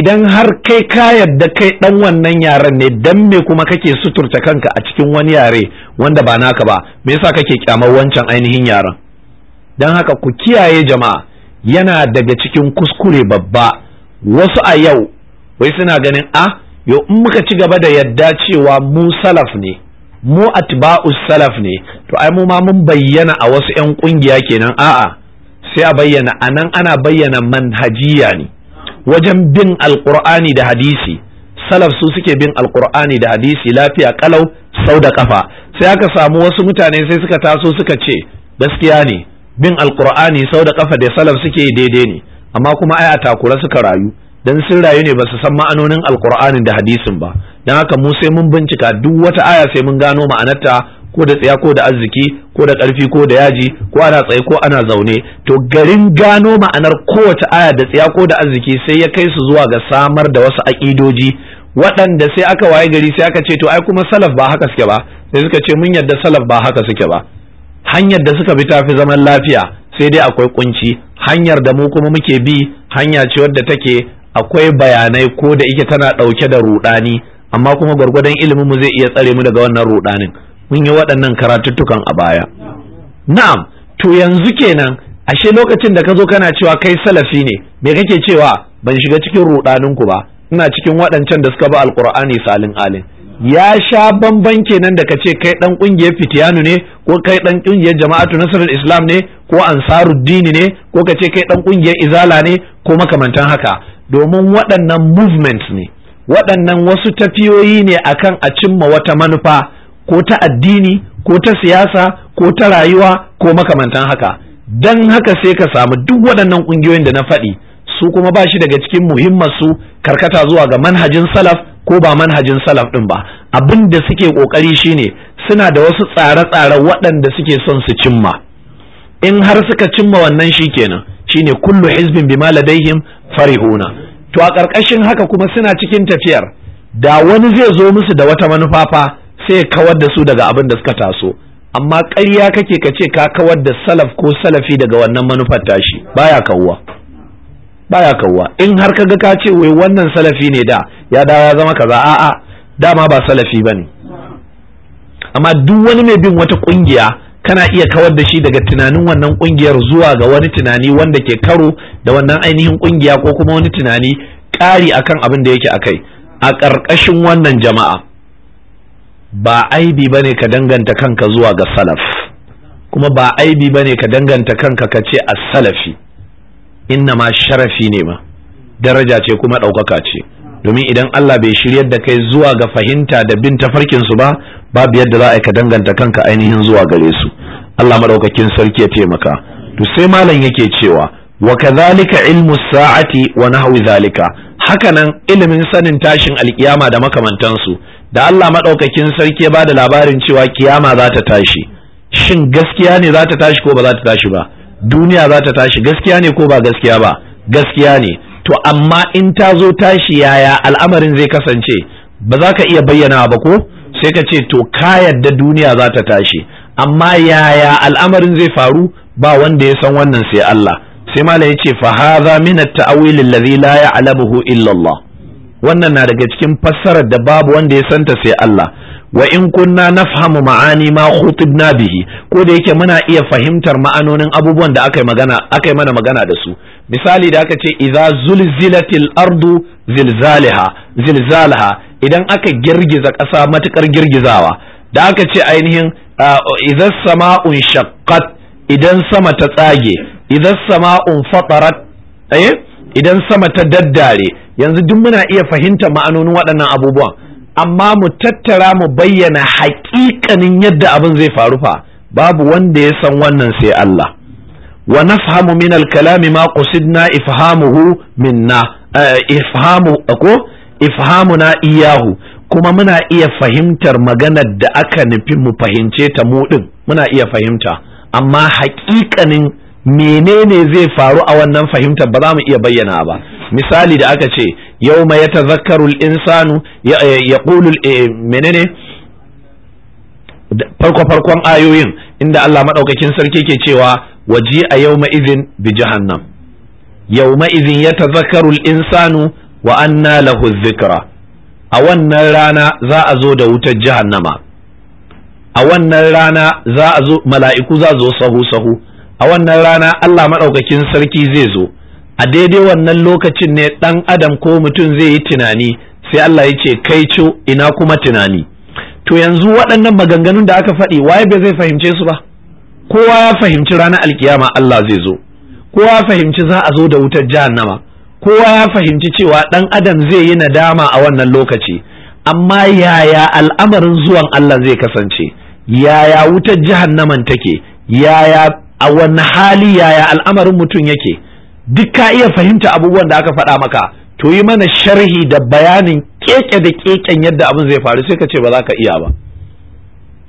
idan har kai ka yadda kai ɗan wannan yaren ne dan me kuma kake suturta kanka a cikin wani yare wanda ba naka ba me yasa kake kyamar wancan ainihin yaran dan haka ku kiyaye jama'a yana daga cikin kuskure babba wasu a yau wai suna ganin a ah, yo in muka ci gaba da yadda cewa mu salaf ne mu atba'us salaf ne to ai mu ma mun bayyana a wasu 'yan kungiya kenan a'a sai a bayyana anan ana bayyana manhajiya ne wajen bin alqur'ani da hadisi salaf su suke bin alqur'ani da hadisi lafiya kalau sau da kafa sai aka samu wasu mutane sai suka taso suka ce gaskiya ne bin alkur'ani sau da kafa da salaf suke daidai ne amma kuma ai a takura suka rayu dan sun rayu ne ba su san ma'anonin alkur'ani da hadisin ba dan haka mu sai mun bincika duk wata aya sai mun gano ma'anarta ko da tsaya ko da arziki ko da ƙarfi ko da yaji ko ana tsaye ko ana zaune to garin gano ma'anar kowace aya da tsaya ko da arziki sai ya kai su zuwa ga samar da wasu aƙidoji waɗanda sai aka waye gari sai aka ce to ai kuma salaf ba haka suke ba sai suka ce mun yadda salaf ba haka suke ba hanyar da suka bi tafi zaman lafiya sai dai akwai kunci hanyar da mu kuma muke bi hanya ce wadda take akwai bayanai ko da ike tana ɗauke da rudani amma kuma gwargwadon ilimin mu zai iya tsare mu daga wannan rudanin mun yi waɗannan karatuttukan a baya na'am to yanzu kenan ashe lokacin da ka zo kana cewa kai salafi ne me kake cewa ban shiga cikin rudanin ku ba ina cikin waɗancan da suka bi alqur'ani salin alin ya sha bamban kenan da ka ce kai ɗan ƙungiyar fitiyanu ne ko kai dan kungiyar jama'atu nasarar islam ne ko ansaruddin ne ko ka ce kai ɗan kungiyar izala ne ko makamantan haka domin waɗannan movement ne waɗannan wasu tafiyoyi ne akan a cimma wata manufa ko ta addini ko ta siyasa ko ta rayuwa ko makamantan haka dan haka sai ka samu duk waɗannan ƙungiyoyin da na faɗi su kuma ba shi daga cikin muhimmansu karkata zuwa ga manhajin salaf ko ba manhajin salaf ɗin ba abin da suke kokari shine suna da wasu tsare-tsare waɗanda suke son su cimma in har suka cimma wannan shi kenan shine kullu hizbin bima ladaihim farihuna to a ƙarƙashin haka kuma suna cikin tafiyar da wani zai zo musu da wata manufa fa sai ya kawar da su daga abin da suka taso amma ƙarya kake ka ce ka kawar da salaf ko salafi daga wannan manufar tashi baya kawuwa baya kawwa in har kaga ka ce wai wannan salafi ne da ya dawo ya zama kaza a'a dama ba salafi bane amma duk wani mai bin wata kungiya kana iya kawar da shi daga tunanin wannan kungiyar zuwa ga wani tunani wanda ke karo da wannan ainihin kungiya ko kuma wani tunani kari akan abin da yake akai a ƙarƙashin wannan jama'a ba aibi bane ka danganta kanka zuwa ga salaf kuma ba aibi bane ka danganta kanka ka ce as-salafi inna ma sharafi ne ma daraja ce kuma ɗaukaka ce domin idan Allah bai shiryar da kai zuwa ga fahimta da bin tafarkin su ba babu yadda za a ka danganta kanka ainihin zuwa gare su Allah madaukakin sarki ya taimaka to sai malam yake cewa wa kadhalika ilmu sa'ati wa nahwi zalika hakanan ilimin sanin tashin alkiyama da makamantansu da Allah madaukakin sarki ya bada labarin cewa kiyama za ta tashi shin gaskiya ne za ta tashi ko ba za ta tashi ba duniya za ta tashi gaskiya ne ko ba gaskiya ba gaskiya ne to amma in ta zo tashi yaya al'amarin zai kasance ba za ka iya bayyana ba ko sai ka ce to ka yadda duniya za ta tashi amma yaya al'amarin zai faru ba wanda ya san wannan sai Allah sai malam ya ce fa hadha min at-ta'wil alladhi la ya'lamuhu illa Allah wannan na daga cikin fassarar da babu wanda ya santa sai Allah wa in kunna nafhamu ma'ani ma khutibna bihi ko da yake muna iya fahimtar ma'anonin abubuwan da aka magana aka mana magana da su misali da aka ce idza zulzilatil ardu zilzalaha zilzalaha idan aka girgiza ƙasa matukar girgizawa da aka ce ainihin idza sama'un shaqqat idan sama ta tsage idza sama'un fatarat eh? idan sama ta daddare yanzu duk muna iya fahimta ma'anonin waɗannan abubuwan amma mu tattara mu bayyana haƙiƙanin yadda abin zai faru fa babu wanda ya san wannan sai Allah wa nafhamu min al-kalami ma qasidna ifhamuhu minna eh, ifhamu ko ifhamuna iyahu kuma muna iya fahimtar maganar da aka nufi mu fahimce ta mu din muna iya fahimta amma haƙiƙanin menene zai faru a wannan fahimtar ba za mu iya bayyana ba misali da aka ce ma ya tazakkaru insanu ya eh, menene farko farkon ayoyin inda Allah maɗaukakin sarki ke cewa waji a ma izin bi jahannam ma izin ya tazakkaru insanu wa anna lahu dhikra a wannan rana za a zo da wutar jahannama a wannan rana za a zo mala'iku za zo sahu sahu a wannan rana Allah maɗaukakin sarki zai zo a daidai wannan lokacin ne ɗan adam ko mutum zai yi tunani sai Allah ya ce kai co ina kuma tunani to yanzu waɗannan maganganun da aka faɗi waye bai zai fahimce su ba kowa ya fahimci ranar alkiyama Allah zai zo kowa ya fahimci za a zo da wutar jihar nama, kowa ya fahimci cewa ɗan adam zai yi nadama a wannan lokaci amma yaya al'amarin zuwan Allah zai kasance yaya wutar jihar jahannaman take yaya a wani hali yaya al'amarin mutum yake duk ka iya fahimta abubuwan da aka faɗa maka to yi mana sharhi da bayanin keke da keken yadda abin zai faru sai ka ce ba za ka iya ba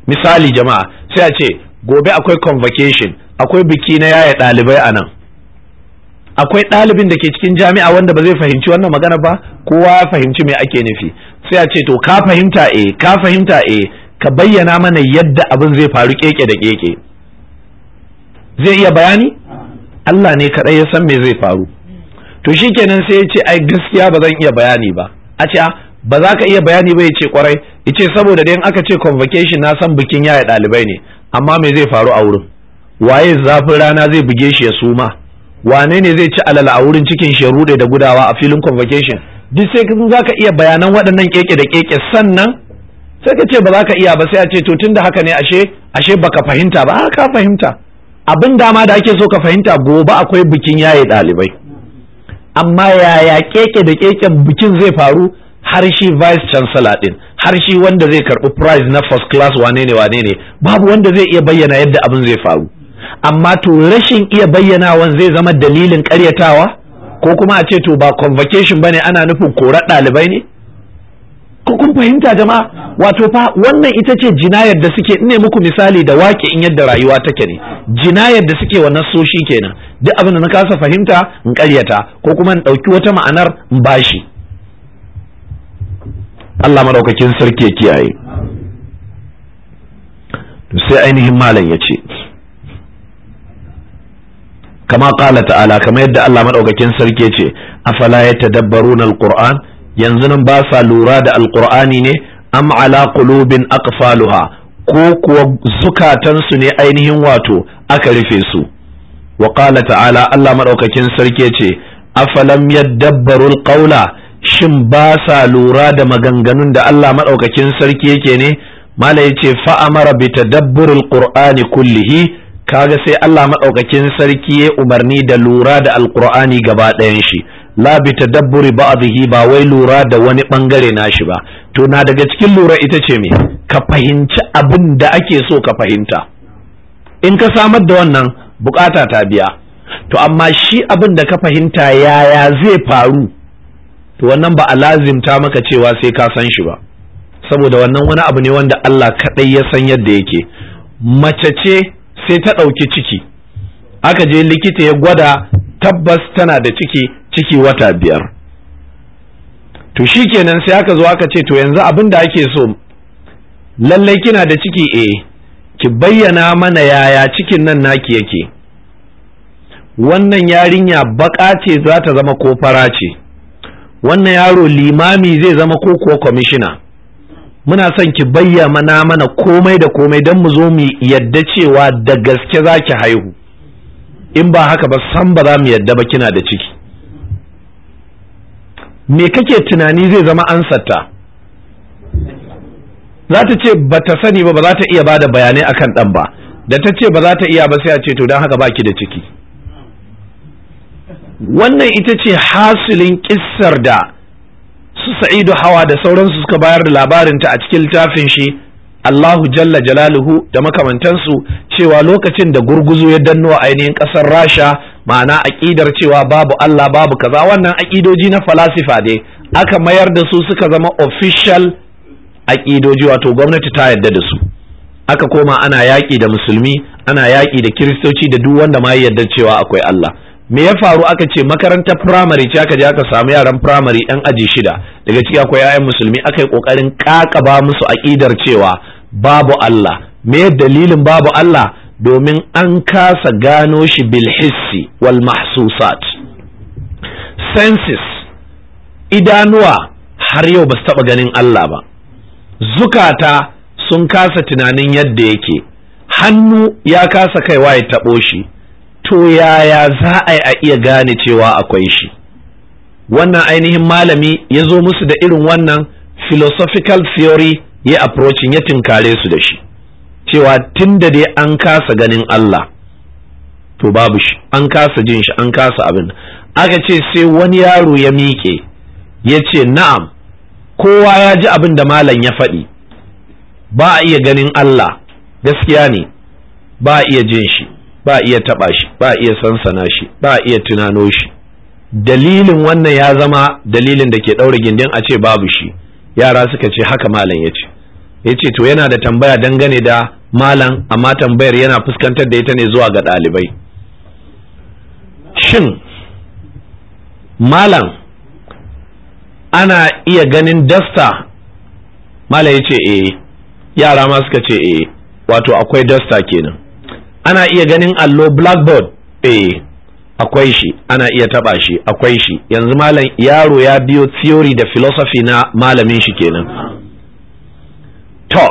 misali jama'a sai a ce gobe akwai convocation akwai biki na yaya ɗalibai a nan akwai ɗalibin da ke cikin jami'a wanda ba zai fahimci wannan magana ba kowa ya fahimci me ake nufi sai a ce to ka fahimta eh ka fahimta eh ka bayyana mana yadda abin zai faru keke da keke zai iya bayani Allah ne kaɗai ya san me zai faru to shikenan sai ya ce ai gaskiya ba zan iya bayani ba a ce ah, ba za ka iya bayani ba ya ce kwarai ya ce saboda dai in aka ce convocation na san bikin yaya ɗalibai ne amma me zai faru a wurin waye zafin rana zai buge shi ya suma wane ne zai ci alala a wurin cikin shi ya rude da gudawa a filin convocation duk sai kun za ka iya bayanan waɗannan keke da keke sannan sai ka ce ba za ka iya ba sai a ce to tun da haka ne ashe ashe baka fahimta ba ka fahimta ah, abin dama da ake so ka fahimta gobe akwai bikin yaye ɗalibai amma yaya keke da keken bikin zai faru har shi vice chancellor din har shi wanda zai karɓi prize na first class wane ne wane ne babu wanda zai iya bayyana yadda abin zai faru amma to rashin iya bayyanawan zai zama dalilin karyatawa ko kuma a ce to ba convocation bane ana nufin korar ɗalibai ne to kun fahimta jama'a wato fa wannan ita ce jinayar da suke ne muku misali da wake in yadda rayuwa take ne jinayar da suke wannan shi kenan duk abin da na kasa fahimta in karyata ko kuma in ɗauki wata ma'anar in bashi Allah madaukakin sarki ya kiyaye sai ainihin malam ya ce kama kala ta'ala kama yadda Allah maɗaukakin sarki ce afala ya tadabbaruna alquran yanzu nan ba sa lura da Alkur'ani ne am ala qulubin aqfaluha ko kuwa zukatansu ne ainihin wato aka rufe su wa qala ta'ala Allah madaukakin sarki ce afalam yadabbaru alqaula shin ba sa lura da maganganun da Allah madaukakin sarki yake ne mala yace fa amara bi tadabburi alqur'ani kullihi kaga sai Allah madaukakin sarki ya umarni da lura da alqur'ani gaba ɗayan shi la bi tadabburi ba'dihi ba wai lura da wani bangare nashi ba to na daga cikin lura ita ce me ka fahimci abin da ake so ka fahimta in ka samar da wannan bukata ta biya to amma shi abin da ka fahimta yaya zai faru to wannan ba a lazimta maka cewa sai ka san shi ba saboda wannan wani abu ne wanda Allah kaɗai ya san yadda yake mace ce sai ta ɗauki ciki aka je likita ya gwada tabbas tana da ciki ciki wata biyar to shi kenan sai aka zo aka ce to yanzu abin da ake so lallai kina da ciki eh ki bayyana mana yaya cikin nan naki yake wannan yarinya baka ce za ta zama ko fara ce wannan yaro limami zai zama ko kuwa kwamishina muna son ki bayyana mana komai da komai don mu zo mu yadda cewa da gaske za ki haihu in ba haka ba san ba za mu yadda ba kina da ciki me kake tunani zai zama ansarta za ta ce ba ta sani ba ba za ta iya ba da bayanai akan ɗan ba da ta ce ba za ta iya ba sai a ce to don haka ba ki da ciki wannan ita ce hasilin kissar da su sa'idu hawa da sauransu suka bayar da labarinta a cikin littafin shi Allahu jalla jalaluhu da makamantansu cewa lokacin da gurguzu ya danno ainihin ƙasar Rasha ma'ana aƙidar cewa babu Allah babu kaza wannan aƙidoji na falasifa ne aka mayar da su suka zama official aƙidoji wato gwamnati ta yarda da su aka koma ana yaƙi da musulmi ana yaƙi da kiristoci da duk wanda ma yarda cewa akwai Allah me ya faru aka ce makarantar firamare ce aka je aka samu yaran firamare yan aji shida daga ciki akwai 'ya'yan musulmi aka yi ƙoƙarin ƙaƙaba musu aƙidar cewa babu Allah me dalilin babu Allah domin an kasa gano shi bil hissi wal mahsusat senses idanuwa har yau ba su taɓa ganin Allah ba zukata sun kasa tunanin yadda yake hannu ya kasa kaiwa ya taɓo shi to yaya za a a iya gane cewa akwai shi wannan ainihin malami ya zo musu da irin wannan philosophical theory ya approaching ya tinkare su da shi cewa tun da dai an kasa ganin Allah to babu shi an kasa jin shi an kasa abin aka ce sai wani yaro ya miƙe ya ce na'am kowa ya ji abin da malam ya faɗi ba a iya ganin Allah gaskiya ne ba a iya jin shi ba a iya taɓa shi ba a iya sansana shi ba a iya tunano shi dalilin wannan ya zama dalilin da ke ɗaura gindin a ce babu shi yara suka ce haka malam ya ce ya ce to yana da tambaya dangane da malam amma tambayar yana fuskantar da ita ne zuwa ga ɗalibai shin malam ana iya ganin dasta malam ya ce eh yara ma suka ce eh wato akwai dasta kenan ana iya ganin allo blackboard E. akwai shi ana iya taba shi akwai shi yanzu malam yaro ya biyo theory da philosophy na malamin shi kenan to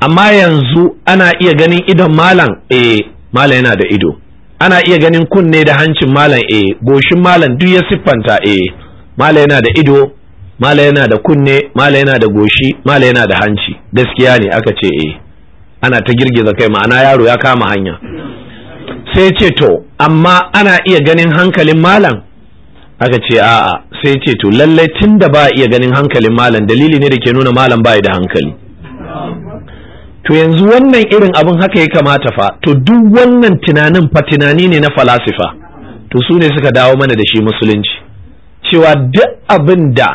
amma yanzu ana iya ganin idon malam eh malam yana da ido ana iya ganin kunne da hancin malam eh goshin malam duk ya siffanta eh malam yana da ido malam yana da kunne malam yana da goshi malam yana da hanci gaskiya ne aka ce eh ana ta girgiza kai ma'ana yaro ya kama hanya sai ce to amma ana iya ganin hankalin malam aka ce a'a sai ce to lallai tun da ba a iya ganin hankalin malam dalili ne da ke nuna malam ba da hankali to yanzu wannan irin abin haka ya kamata fa to duk wannan tunanin fa tunani ne na falasifa to su ne suka dawo mana da shi musulunci cewa duk abin da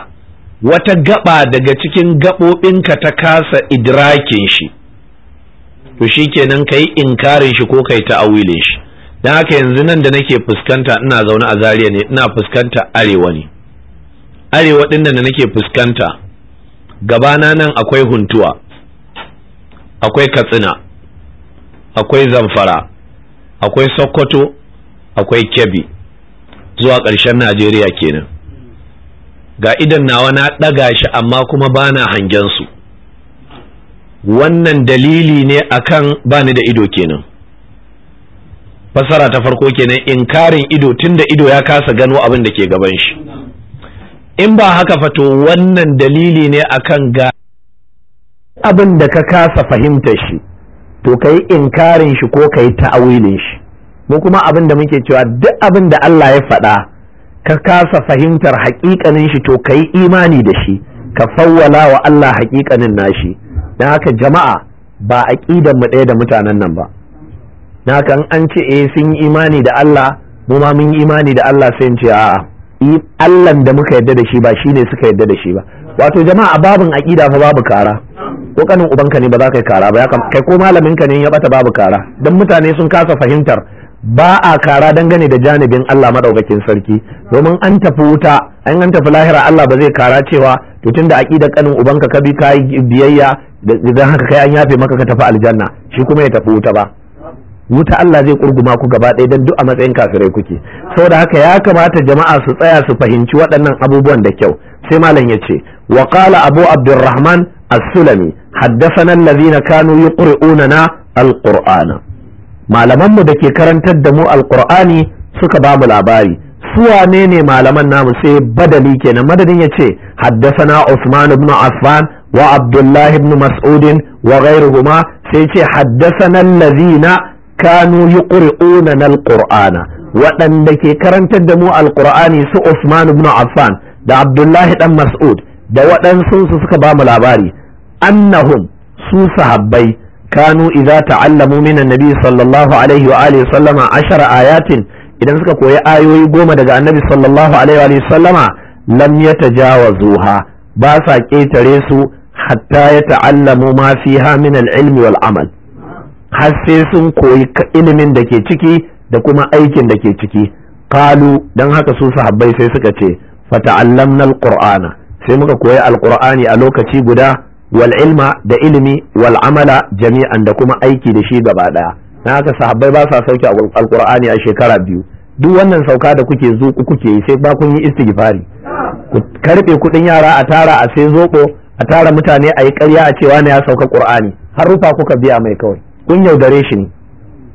wata gaba daga cikin gaɓoɓinka ta kasa idrakin shi to shi kenan ka yi inkarin shi ko ka yi ta'awilin shi dan haka yanzu nan da nake fuskanta ina zaune a Zariya ne ina fuskanta arewa ne arewa din nan da nake fuskanta gabana nan akwai huntuwa akwai katsina akwai zamfara akwai sokoto akwai kebbi zuwa ƙarshen najeriya kenan ga idan nawa na ɗaga shi amma kuma ba na hangen su wannan dalili ne akan bani da ido kenan fassara ta farko kenan inkarin ido tunda ido ya kasa gano abin da ke gaban shi in ba haka fa to wannan dalili ne akan ga abin da ka kasa fahimta shi to kai inkarin shi ko kai ta'awilin shi mu kuma abin da muke cewa duk abin da Allah ya faɗa ka kasa fahimtar haƙiƙanin shi to kai imani da shi ka fawwala wa Allah haƙiƙanin nashi don haka jama'a ba aƙidan mu ɗaya da mutanen nan ba na kan an ce eh sun yi imani da Allah mu ma mun yi imani da Allah sai in ce a'a Allah da muka yadda da shi ba shi ne suka yadda da shi ba wato jama'a babin aqida fa babu kara ko kanin ubanka ne ba za ka yi kara ba kai ko malamin ka ne ya bata babu kara dan mutane sun kasa fahimtar ba a kara dangane da janibin Allah madaukakin sarki domin an tafi wuta an an tafi lahira Allah ba zai kara cewa to tunda aqida kanin ubanka ka bi kai biyayya da haka kai an yafe maka ka tafi aljanna shi kuma ya tafi wuta ba wuta Allah zai kurguma ku gaba ɗaya don duk a matsayin kafirai kuke saboda haka ya kamata jama'a su tsaya su fahimci waɗannan abubuwan da kyau sai malam ya ce wa qala abu abdurrahman as-sulami haddathana allazina kanu yuqri'unana al-qur'ana malaman mu dake karantar da mu al-qur'ani suka ba mu labari su wane ne malaman namu sai badali kenan madadin ya ce na Usman ibn Affan wa Abdullah ibn Mas'ud wa ghayruhuma sai ce haddasana allazina kanu yuqri'una alqur'ana waɗanda ke karantar da mu alqur'ani su Usman ibn Affan da Abdullahi dan Mas'ud da waɗansu su suka ba labari annahum su sahabai kanu idza ta'allamu min annabi sallallahu alaihi wa alihi sallama ashara ayatin idan suka koyi ayoyi goma daga annabi sallallahu alaihi wa sallama lam yatajawazuha ba sa ketare su hatta ya ta'allamu ma fiha min al-ilmi wal amal har sai sun koyi ilimin da ke ciki da kuma aikin da ke ciki kalu don haka su sahabbai sai suka ce fata'allamna alqur'ana sai muka koyi alqur'ani a lokaci guda wal ilma da ilimi wal amala jami'an da kuma aiki da shi gaba ɗaya. na haka sahabbai ba sa sauke alqur'ani a shekara biyu duk wannan sauka da kuke zuku kuke yi sai ba kun yi istighfari ku karbe kuɗin yara a tara a sai zoko a tara mutane a yi karya a cewa na ya sauka ƙur'ani, har rufa kuka biya mai kawai kun yaudare shi ne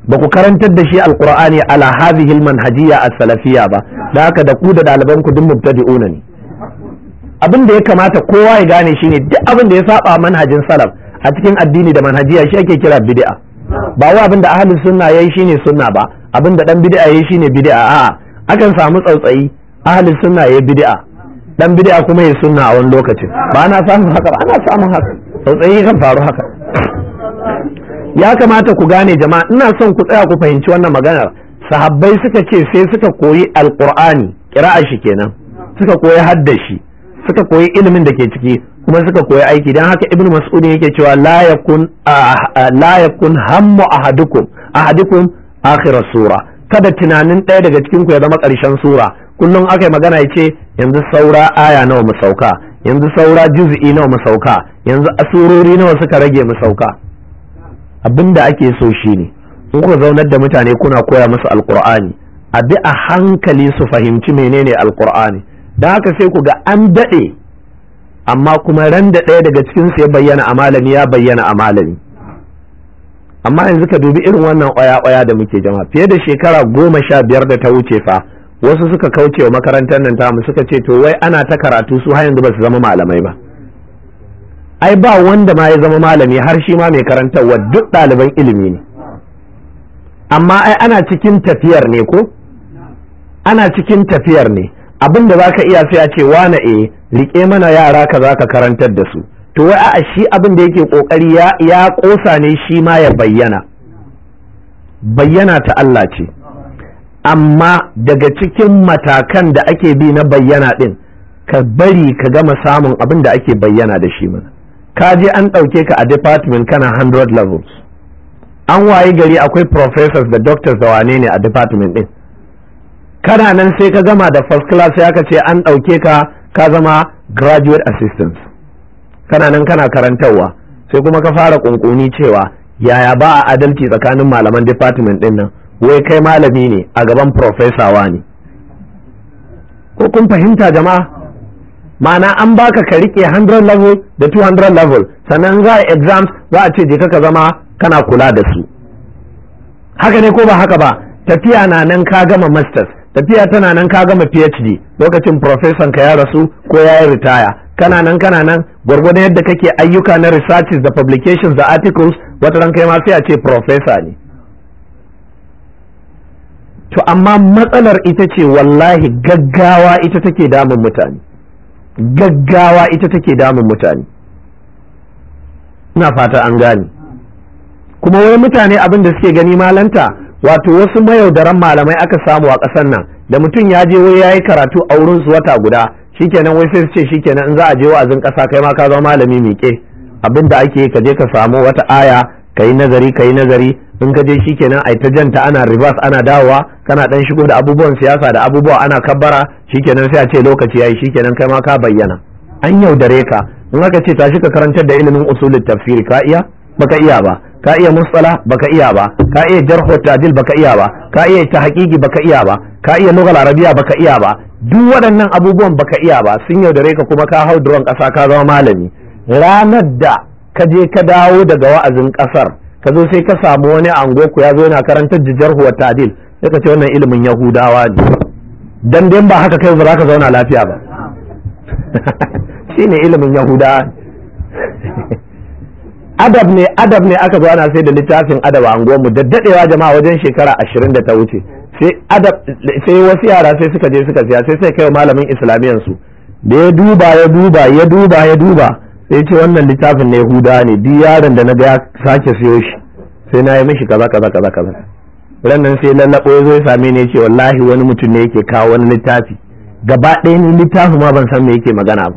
ba ku karantar da shi alqur'ani ala hadhihi almanhajiyya as-salafiyya ba da haka da ku da daliban ku duk mubtadi'una ne abin da ya kamata kowa ya gane shine duk abin da ya saba manhajin salaf a cikin addini da manhajiya shi ake kira bid'a ba wai abin da ahlus sunna yayi shine sunna ba abin da dan bid'a yayi shine bid'a a'a akan samu tsautsayi ahlus sunna yayi bid'a dan bid'a kuma yayi sunna a wani lokacin ba ana samun haka ba ana samun haka tsautsayi kan faru haka ya kamata ku gane jama'a ina son ku tsaya ku fahimci wannan maganar sahabbai suka ce sai suka koyi alqur'ani kira'a shi kenan suka koyi haddashi suka koyi ilimin da ke ciki kuma suka koyi aiki dan haka ibnu mas'ud yake cewa la yakun ah, ah, la yakun hammu ahadukum ahadukum akhir sura kada tunanin ɗaya daga cikin ku ya zama ƙarshen sura kullum aka yi magana ya ce yanzu saura aya nawa mu sauka yanzu saura juz'i nawa mu sauka yanzu asurori nawa suka rage mu sauka Abin da ake so shi ne, in kuka zaunar da mutane kuna koya musu Alkur'ani, a bi a hankali su fahimci menene Alkur'ani? da haka sai ku ga an daɗe amma kuma ran da ɗaya daga cikin su ya bayyana a malami ya bayyana a malami amma yanzu ka dubi irin wannan oya-oya da muke jama fiye da shekara goma sha biyar da ta wuce fa wasu suka kauce wa makarantar nan tamu suka ce to wai ana ta karatu su har yanzu ba su zama malamai ba ai ba wanda ma ya zama malami har shi ma mai karantarwa duk ɗaliban ilimi ne amma ai ana cikin tafiyar ne ko ana cikin tafiyar ne abin da zaka iya sai a ce wane eh rike mana yara ka za ka karantar da su to wai a shi abin da yake kokari ya ya kosa ne shi ma ya bayyana bayyana ta Allah ce amma daga cikin matakan da ake bi na bayyana din ka bari ka gama samun abin da ake bayyana da shi mana ka je an ɗauke ka a department kana 100 levels an wayi gari akwai professors da doctors da wane ne a department ɗin kana nan sai ka gama da first class ya kace an ɗauke ka ka zama graduate assistant kana nan kana karantarwa sai kuma ka fara kunkuni cewa yaya ba a adalci tsakanin malaman department ɗin nan wai kai malami ne a gaban professor ne ko kun fahimta jama'a ma'ana an baka ka rike 100 level da 200 level sannan za a exams za a ce je ka zama kana kula da su haka ne ko ba haka ba tafiya na nan ka gama masters tafiya tana nan ka gama phd lokacin profesan ka ya rasu ko ya yi ritaya kana nan kana nan gwargwadon yadda kake ayyuka na researches da publications da articles wata ran kai ma sai a ce professor ne to amma matsalar ita ce wallahi gaggawa ita take damun mutane gaggawa ita take damun mutane ina fata an gane kuma wani mutane abin da suke gani malanta wato wasu mayaudaran malamai aka samu a ƙasar nan da mutum ya je wai yayi karatu a wurin su wata guda shi shikenan wai sai su ce shikenan in za a je wa'azin ƙasa kai ma ka zama malami miƙe abin da ake ka je ka samu wata aya ka yi nazari ka yi nazari in ka je shikenan ai ta janta ana reverse ana dawowa kana dan shigo da abubuwan siyasa da abubuwa ana kabbara shikenan sai a ce lokaci yayi shikenan kai ma ka bayyana an yaudare ka in aka ce tashi ka karantar da ilimin usulul tafsir ka iya baka iya ba ka iya musala baka iya ba ka iya jarhu ta'dil baka iya ba ka iya tahqiqi baka iya ba ka iya lugal arabiya baka iya ba duk waɗannan abubuwan baka iya ba sun yaudare ka kuma ka hau duron ƙasa ka zama malami ranar da ka je ka dawo daga wa'azin ƙasar ka zo sai ka samu wani angoku ya zo yana karantar da wa ta'dil sai ka ce wannan ilimin yahudawa ne dan dan ba haka kai ba za ka zauna lafiya ba shine ilimin yahudawa adab ne adab ne aka zo ana sai da littafin adab a mu da dadewa jama'a wajen shekara ashirin da ta wuce sai wasu yara sai suka je suka siya sai sai kai malamin islamiyan su da ya duba ya duba ya duba ya duba sai ce wannan littafin na yahuda ne duk yaron da na ga ya sake siyo shi sai na yi mishi kaza kaza kaza kaza wannan sai lallabo ya zo ya same ni ce wallahi wani mutum ne yake kawo wani littafi gaba ɗaya ni littafin ma ban san me yake magana ba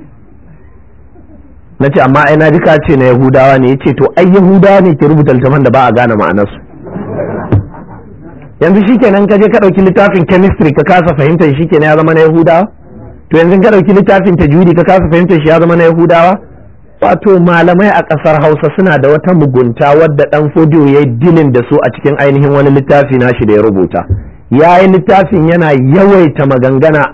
na ce amma ai na ji ka ce na yahudawa ne ya ce to ai yahudawa ne ke rubuta littafin da ba a gane ma'anar su yanzu shikenan ka je ka ɗauki littafin chemistry ka kasa fahimtar shikenan ya zama na yahudawa to yanzu ka ɗauki littafin ta judi ka kasa fahimtar shi ya zama na yahudawa wato malamai a ƙasar hausa suna da wata mugunta wadda ɗan fodiyo ya yi dilin da su a cikin ainihin wani littafi shi da ya rubuta ya yi littafin yana yawaita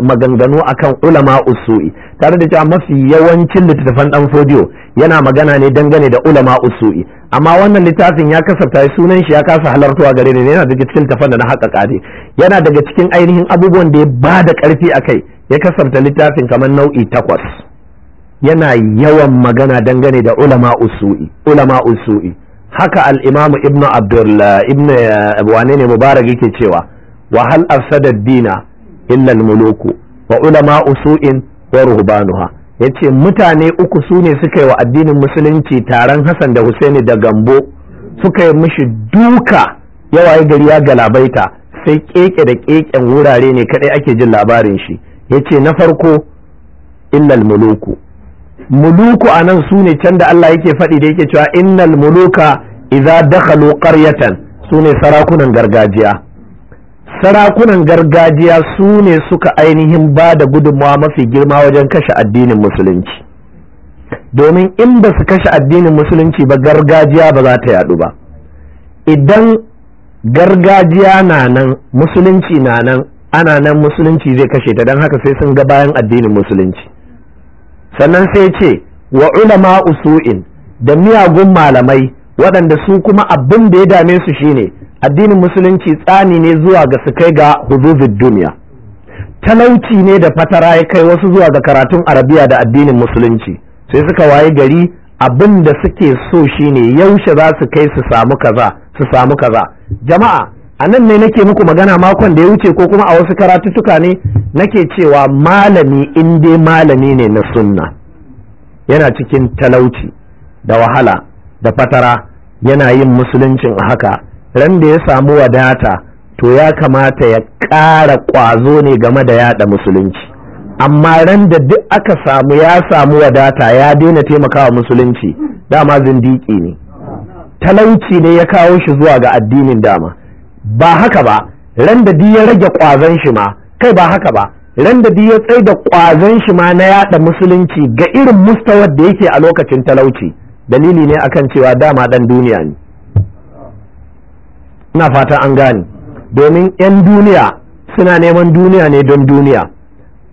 maganganu akan ulama usu'i tare da cewa mafi yawancin littattafan ɗan fodiyo yana magana ne dangane da ulama usu'i amma wannan littafin ya kasafta sunan shi ya kasa halartuwa gare ni yana daga cikin tafan da na haƙaƙa ne yana daga cikin ainihin abubuwan da ya ba da ƙarfi a kai ya kasafta littafin kamar nau'i takwas yana yawan magana dangane da ulama usu'i ulama usu'i haka al-imamu ibnu abdullah ibnu eh, wane ne mubarak yake cewa wa hal afsada dina illa al-muluku wa ulama usu'in wa ruhbanuha yace mutane uku sune suka yi wa addinin musulunci taron hasan da Husaini da Gambo suka yi mishi duka yawa ya gari ya galabaita sai keke da keken wurare ne kadai ake jin labarin shi yace na farko illal muluku muluku nan su ne can da Allah yake faɗi da yake cewa innal muluka idza dakhalu qaryatan su ne sarakunan gargajiya sarakunan gargajiya su ne suka ainihin ba da gudunmawa mafi girma wajen kashe addinin musulunci domin in ba su kashe addinin musulunci ba gargajiya ba za ta yadu ba idan gargajiya na nan musulunci na nan ana nan musulunci zai kashe ta don haka sai sun ga bayan addinin musulunci sannan sai ce wa ulama usu'in da miyagun malamai waɗanda su kuma abin da ya dame su shine addinin musulunci tsani ne zuwa ga su kai ga huzuzin duniya talauci ne da fatara ya kai wasu zuwa ga karatun arabiya da addinin musulunci sai suka waye gari abin da suke so shine yaushe za su kai su samu kaza su samu kaza jama'a a nan ne nake muku magana makon da ya wuce ko kuma a wasu karatuttuka ne nake cewa malami in dai malami ne na sunna yana cikin talauci da wahala da fatara yana yin musuluncin haka ran da ya samu wadata to ya kamata ya ƙara ƙwazo ne game da yada musulunci amma ran da duk aka samu ya samu wadata ya daina taimakawa musulunci dama zindiki ne talauci ne ya kawo shi zuwa ga addinin dama ba haka ba ran da ya rage ƙwazon shi ma kai ba haka ba ran da ya tsai da ƙwazon shi ma na yaɗa musulunci ga irin mustawar da yake a lokacin talauci dalili ne akan cewa dama ɗan duniya ne ina fata an gane domin 'yan duniya suna neman duniya ne don duniya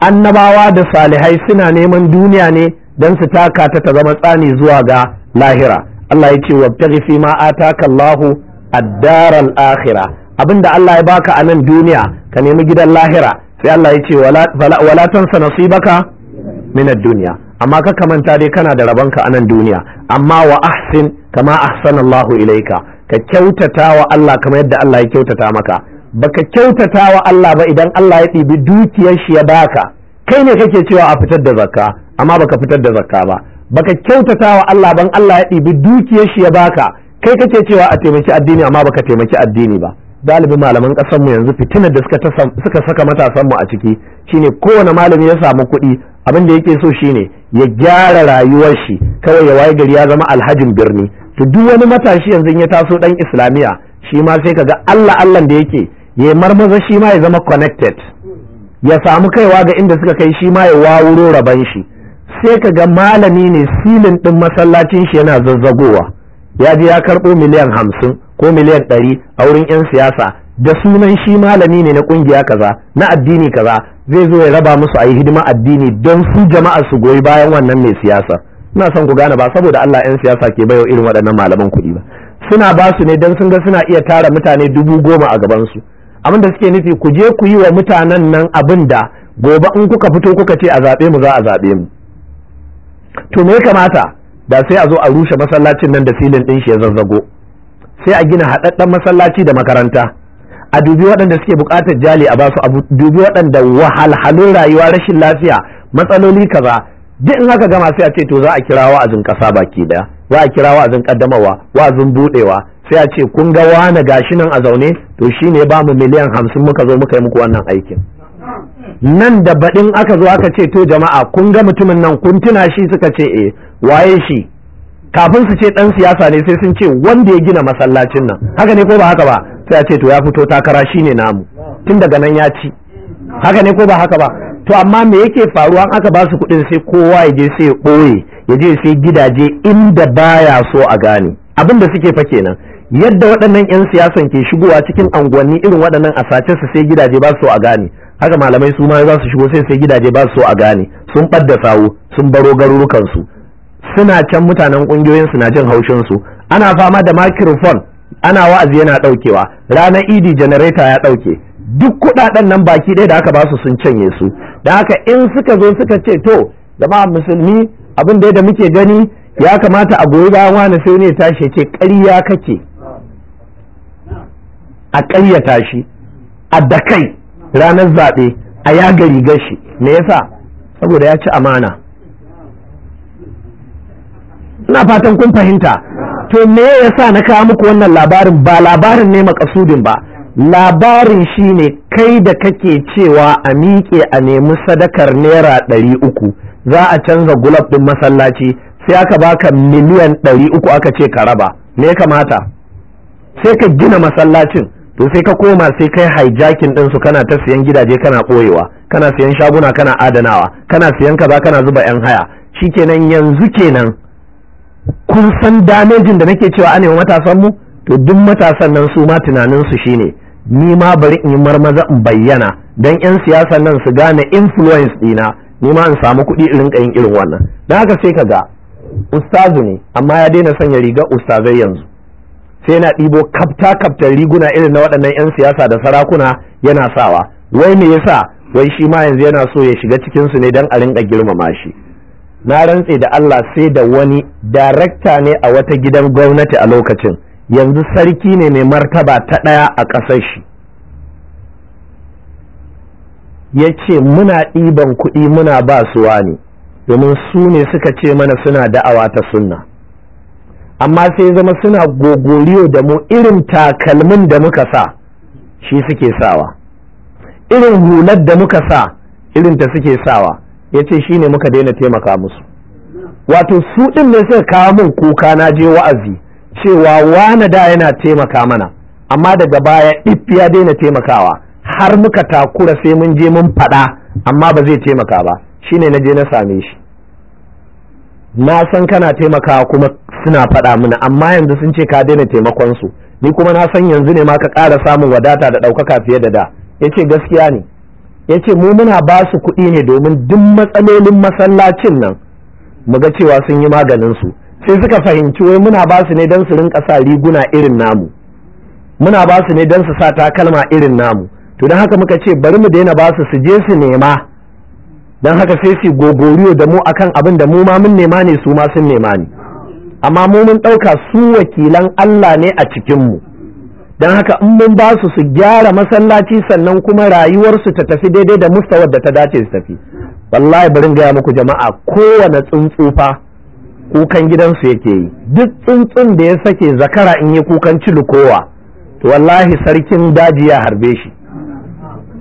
annabawa da salihai suna neman duniya ne don su taka ta ta zama tsani zuwa ga lahira Allah ya ce wa fi ma ataka Allahu ad-daral akhirah abinda Allah ya baka a nan duniya ka nemi gidan lahira sai Allah ya ce wala tansa nasibaka min ad-dunya amma ka kamanta dai kana da rabonka a nan duniya amma wa ahsin kama ahsanallahu ilaika ka kyautata wa Allah kamar yadda Allah ya kyautata maka baka kyautata wa Allah ba idan Allah ya ɗibi dukiyar shi ya baka kai ne kake cewa a fitar da zakka amma baka fitar da zakka ba baka kyautata wa Allah ban Allah ya ɗibi dukiyar shi ya baka kai kake cewa a taimaki addini amma baka taimaki addini ba Dalibin malaman ƙasar mu yanzu fitinar da suka saka matasan mu a ciki shine kowane malami ya samu kuɗi abin da yake so shine ya gyara rayuwar shi kawai ya waye gari ya zama alhajin birni to duk wani matashi yanzu ya taso dan islamiya shi ma sai kaga Allah Allah da yake ya marmaza shi ma ya zama connected ya samu kaiwa ga inda suka kai shi ma ya wawuro raban shi sai kaga malami ne silin din masallacin shi yana zazzagowa ya ji ya karɓo miliyan hamsin ko miliyan ɗari a wurin 'yan siyasa da sunan shi malami ne na ƙungiya kaza na addini kaza zai zo ya raba musu a yi hidima addini don su jama'a su goyi bayan wannan mai siyasa ina son ku gane ba saboda Allah 'yan siyasa ke bayo irin waɗannan malaman kuɗi ba suna ba su ne don sun ga suna iya tara mutane dubu goma a gabansu abin da suke nufi ku je ku yi wa mutanen nan abin da gobe in kuka fito kuka ce a zaɓe mu za a zaɓe mu to me ya kamata da sai a zo a rushe masallacin nan da filin ɗin shi ya zazzago sai a gina haɗaɗɗen masallaci da makaranta a dubi waɗanda suke buƙatar jali a basu abu dubi waɗanda wahalhalun rayuwa rashin lafiya matsaloli kaza duk in haka gama sai a ce to za a kira wa'azin ƙasa baki ɗaya za a kira wa'azin ƙaddamawa wa'azin buɗewa sai a ce kun ga wani gashi nan a zaune to shine ba mu miliyan hamsin muka zo muka yi muku wannan aikin nan da baɗin aka zo aka ce to jama'a kun ga mutumin nan kun tuna shi suka ce eh waye shi kafin su ce dan siyasa ne sai sun ce wanda ya gina masallacin nan haka ne ko ba haka ba sai a ce to ya fito takara shine namu tun daga nan ya ci haka ne ko ba haka ba to amma me yake faruwa an aka ba su kuɗin sai kowa ya je sai ya ɓoye ya je sai gidaje inda baya so a gane abin da suke fa kenan yadda waɗannan 'yan siyasan ke shigowa cikin unguwanni irin waɗannan a sace su sai gidaje ba su so a gane haka malamai su ma za su shigo sai sai gidaje ba su so a gane sun ɓadda sawu sun baro garurukansu suna can mutanen kungiyoyin suna jin haushin su ana fama da microphone ana wa'azi yana daukewa ranar idi generator ya dauke duk kudaden nan baki ɗaya da aka basu sun canye su da haka in suka zo suka ce to jama'a musulmi abin da da muke gani ya kamata a goyi bayan wani sai ne tashi ce ƙarya kake a ƙarya tashi, a da kai ranar zaɓe a yagari gari gashi me yasa saboda ya ci amana na fatan kun fahimta to me yasa na kawo muku wannan labarin ba labarin ne makasudin ba labarin shine kai da kake cewa a miƙe a nemi sadakar naira ɗari uku za a canza gulab ɗin masallaci sai aka baka miliyan ɗari uku aka ce ka raba me ya kamata sai ka gina masallacin to sai ka koma sai kai hijacking ɗinsu kana ta siyan gidaje kana ɓoyewa kana siyan shaguna kana adanawa kana siyan kaza kana zuba 'yan haya shi shikenan yanzu kenan kun san damejin da nake cewa ana yi matasan mu to duk matasan nan su ma tunanin su shine ni ma bari in yi marmaza in bayyana dan yan siyasan nan su gane influence dina ni ma in samu kuɗi in rinka yin irin wannan dan haka sai ka ga ustazu ne amma ya daina sanya riga ustazai yanzu sai yana ɗibo kafta kaftar riguna irin na waɗannan 'yan siyasa da sarakuna yana sawa wai me yasa wai shi ma yanzu yana so ya shiga cikin su ne don a rinka girmama shi na rantse da Allah sai da wani darakta ne a wata gidan gwamnati a lokacin yanzu sarki ne mai martaba ta ɗaya a ƙasar shi ya ce muna ɗiban kuɗi muna ba su wani domin su ne suka ce mana suna da'awa ta sunna amma sai zama suna gogoriyo da mu irin takalmin da muka sa shi suke sawa irin hular da muka sa irin ta suke sawa ya ce shi ne muka daina taimaka musu wato su ɗin ne suka kawo min kuka na je wa'azi cewa wane da yana taimaka mana amma daga baya ɗif ya daina taimakawa har muka takura sai mun je mun faɗa amma ba zai taimaka ba shi ne na je na same shi na san kana taimakawa kuma suna faɗa mini amma yanzu sun ce ka daina taimakon su ni kuma na san yanzu ne ma ka ƙara samun wadata da ɗaukaka fiye da da yace gaskiya ne ya ce mu muna ba su kuɗi ne domin duk matsalolin masallacin nan mu ga cewa sun yi maganin su sai suka fahimci wai muna ba su ne don su rinka sa riguna irin namu muna ba su ne don su sa takalma irin namu to don haka muka ce bari mu daina ba su su je su nema don haka sai su gogoriyo da mu akan abin da mu ma mun nema ne su ma sun nema ne amma mu mun ɗauka su wakilan Allah ne a cikin mu don haka in mun ba su su gyara masallaci sannan kuma rayuwarsu ta tafi daidai da mustawar da ta dace su tafi wallahi bari gaya muku jama'a kowane tsuntsufa kukan gidansu yake yi duk tsuntsun da ya sake zakara in yi kukan kowa, to wallahi sarkin daji ya harbe shi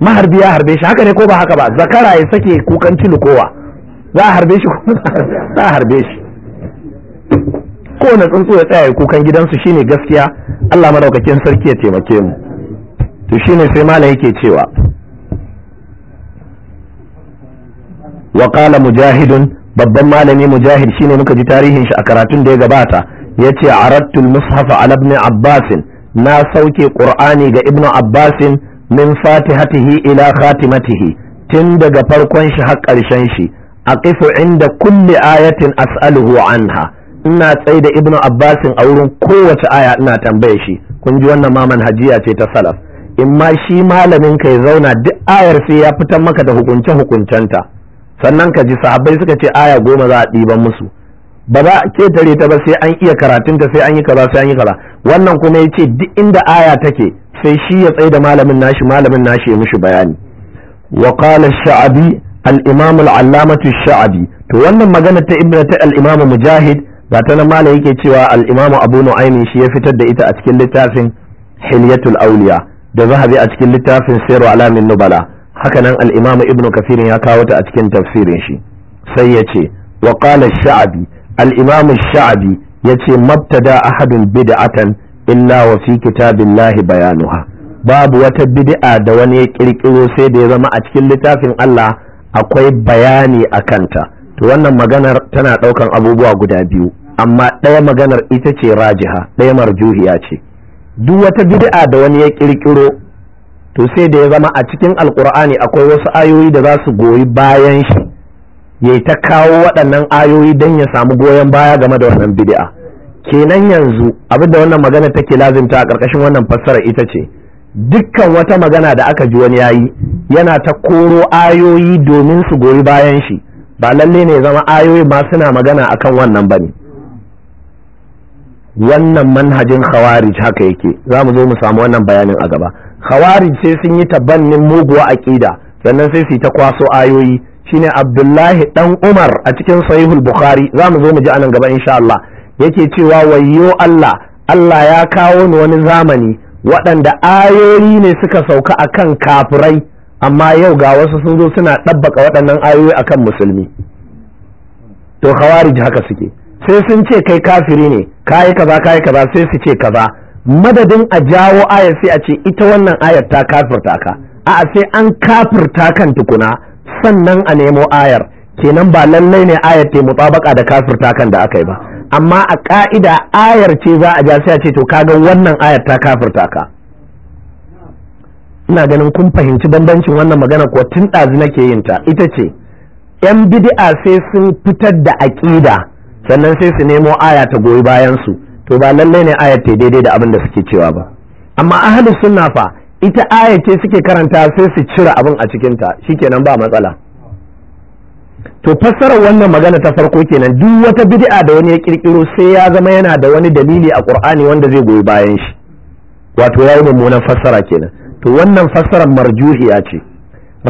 maharbi ya harbe shi haka ne ko ba haka ba zakara ya sake kukan cilukowa za a harbe shi za a harbe shi kowane tsuntsu ya tsaya kukan gidansu shine gaskiya Allah madaukakin sarki ya taimake mu to shine sai malam yake cewa wa qala mujahidun babban malami mujahid shine muka ji tarihin shi a karatun da ya gabata yace aradtul mushafa ala ibn abbas na sauke qur'ani ga ibn abbasin min fatihatihi ila khatimatihi tun daga farkon shi har karshen shi a aqifu inda kulle ayatin as'aluhu anha ina tsaye da ibnu abbasin a wurin kowace aya ina tambaye shi kun ji wannan ma manhajiya ce ta salaf in ma shi malamin ka ya zauna duk ayar sai ya fitar maka da hukunce hukuncenta sannan ka ji sahabbai suka ce aya goma za a ɗiban musu ba za a ketare ta ba sai an iya karatunta sai an yi kaza sai an yi kaza wannan kuma ya ce duk inda aya take sai shi ya tsaye da malamin nashi malamin nashi ya mishi bayani wa qala sha'abi al-imam al-allamatu sha'abi to wannan magana ta ibnu ta al-imam mujahid ga ta nan malam yake cewa al-imamu abu nu'aymin shi ya fitar da ita a cikin littafin hilyatul auliya da zahabi a cikin littafin sayar alamin nubala haka nan al-imamu ibn kafirin ya kawo ta a cikin tafsirin shi sai ya ce wa qala sha'abi al-imamu sha'abi ya ce mabtada ahadun bid'atan illa wa fi kitabillahi bayanuha babu wata bid'a da wani ya kirkiro sai da ya zama a cikin littafin Allah akwai bayani a kanta to wannan maganar tana ɗaukan abubuwa guda biyu amma ɗaya maganar ita ce rajiha ɗaya marjuhiya ce duk wata bid'a da wani ya ƙirƙiro, to sai da ya zama a cikin alkur'ani akwai wasu ayoyi da za su goyi bayan shi ya ta kawo waɗannan ayoyi don ya samu goyon baya game da wannan bid'a kenan yanzu abin da wannan magana take lazimta a ƙarƙashin wannan fassara ita ce dukkan wata magana da aka ji wani yayi yana ta koro ayoyi domin su goyi bayan shi ba lalle ne zama ayoyi ma suna magana akan wannan ba ne. wannan manhajin khawarij haka yake za mu zo mu samu wannan bayanin a gaba khawarij sai sun yi tabannin muguwa aqida sannan sai su ta kwaso ayoyi shine abdullahi dan umar a cikin sahihul bukhari za mu zo mu ji anan gaba insha Allah yake cewa wayyo Allah Allah ya kawo ni wani zamani waɗanda ayoyi ne suka sauka akan kafirai amma yau ga wasu sun zo suna ɗabbaka waɗannan ayoyi akan musulmi to khawarij haka suke sai sun ce kai kafiri ne kayi kaza kayi kaza sai su ce kaza madadin a jawo ayar sai a ce ita wannan ayar ta kafirta ka a sai an kafirta kan tukuna sannan a nemo ayar kenan ba lallai ne ayar ta mutabaka da kafirta kan da aka yi ba amma a ka'ida ayar ce za a ja sai a ce to kaga wannan ayar ta kafirta ka ina ganin kun fahimci bambancin wannan magana kuwa tun ɗazu nake yin ta ita ce 'yan bid'a sai sun fitar da aƙida sannan sai su nemo aya ta goyi bayan su to ba lallai ne ayar ta daidai da abin da suke cewa ba amma ahlus sunna fa ita aya ce suke karanta sai su cire abin a cikin ta shikenan ba matsala to fassarar wannan magana ta farko kenan duk wata bid'a da wani ya kirkiro sai ya zama yana da wani dalili a qur'ani wanda zai goyi bayan shi wato yayi mummunan fassara kenan to wannan fassarar marjuhiya ce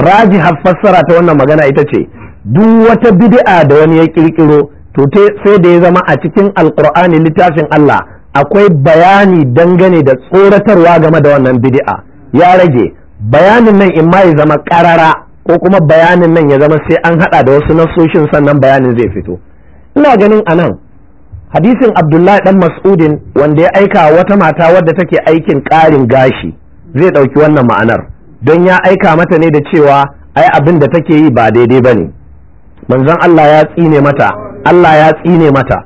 rajihar fassara ta wannan magana ita ce duk wata bid'a da wani ya kirkiro to sai da ya zama a cikin alkur'ani littafin Allah akwai bayani dangane da tsoratarwa game da wannan bid'a ya rage bayanin nan in ma ya zama karara ko kuma bayanin nan ya zama sai an hada da wasu nasoshin sannan bayanin zai fito ina ganin anan hadisin abdullahi dan mas'udin wanda ya aika wata mata wadda take aikin karin gashi zai ɗauki wannan ma'anar don ya aika mata ne da cewa ai abin da take yi ba daidai bane manzon Allah ya tsine mata Allah ya tsine mata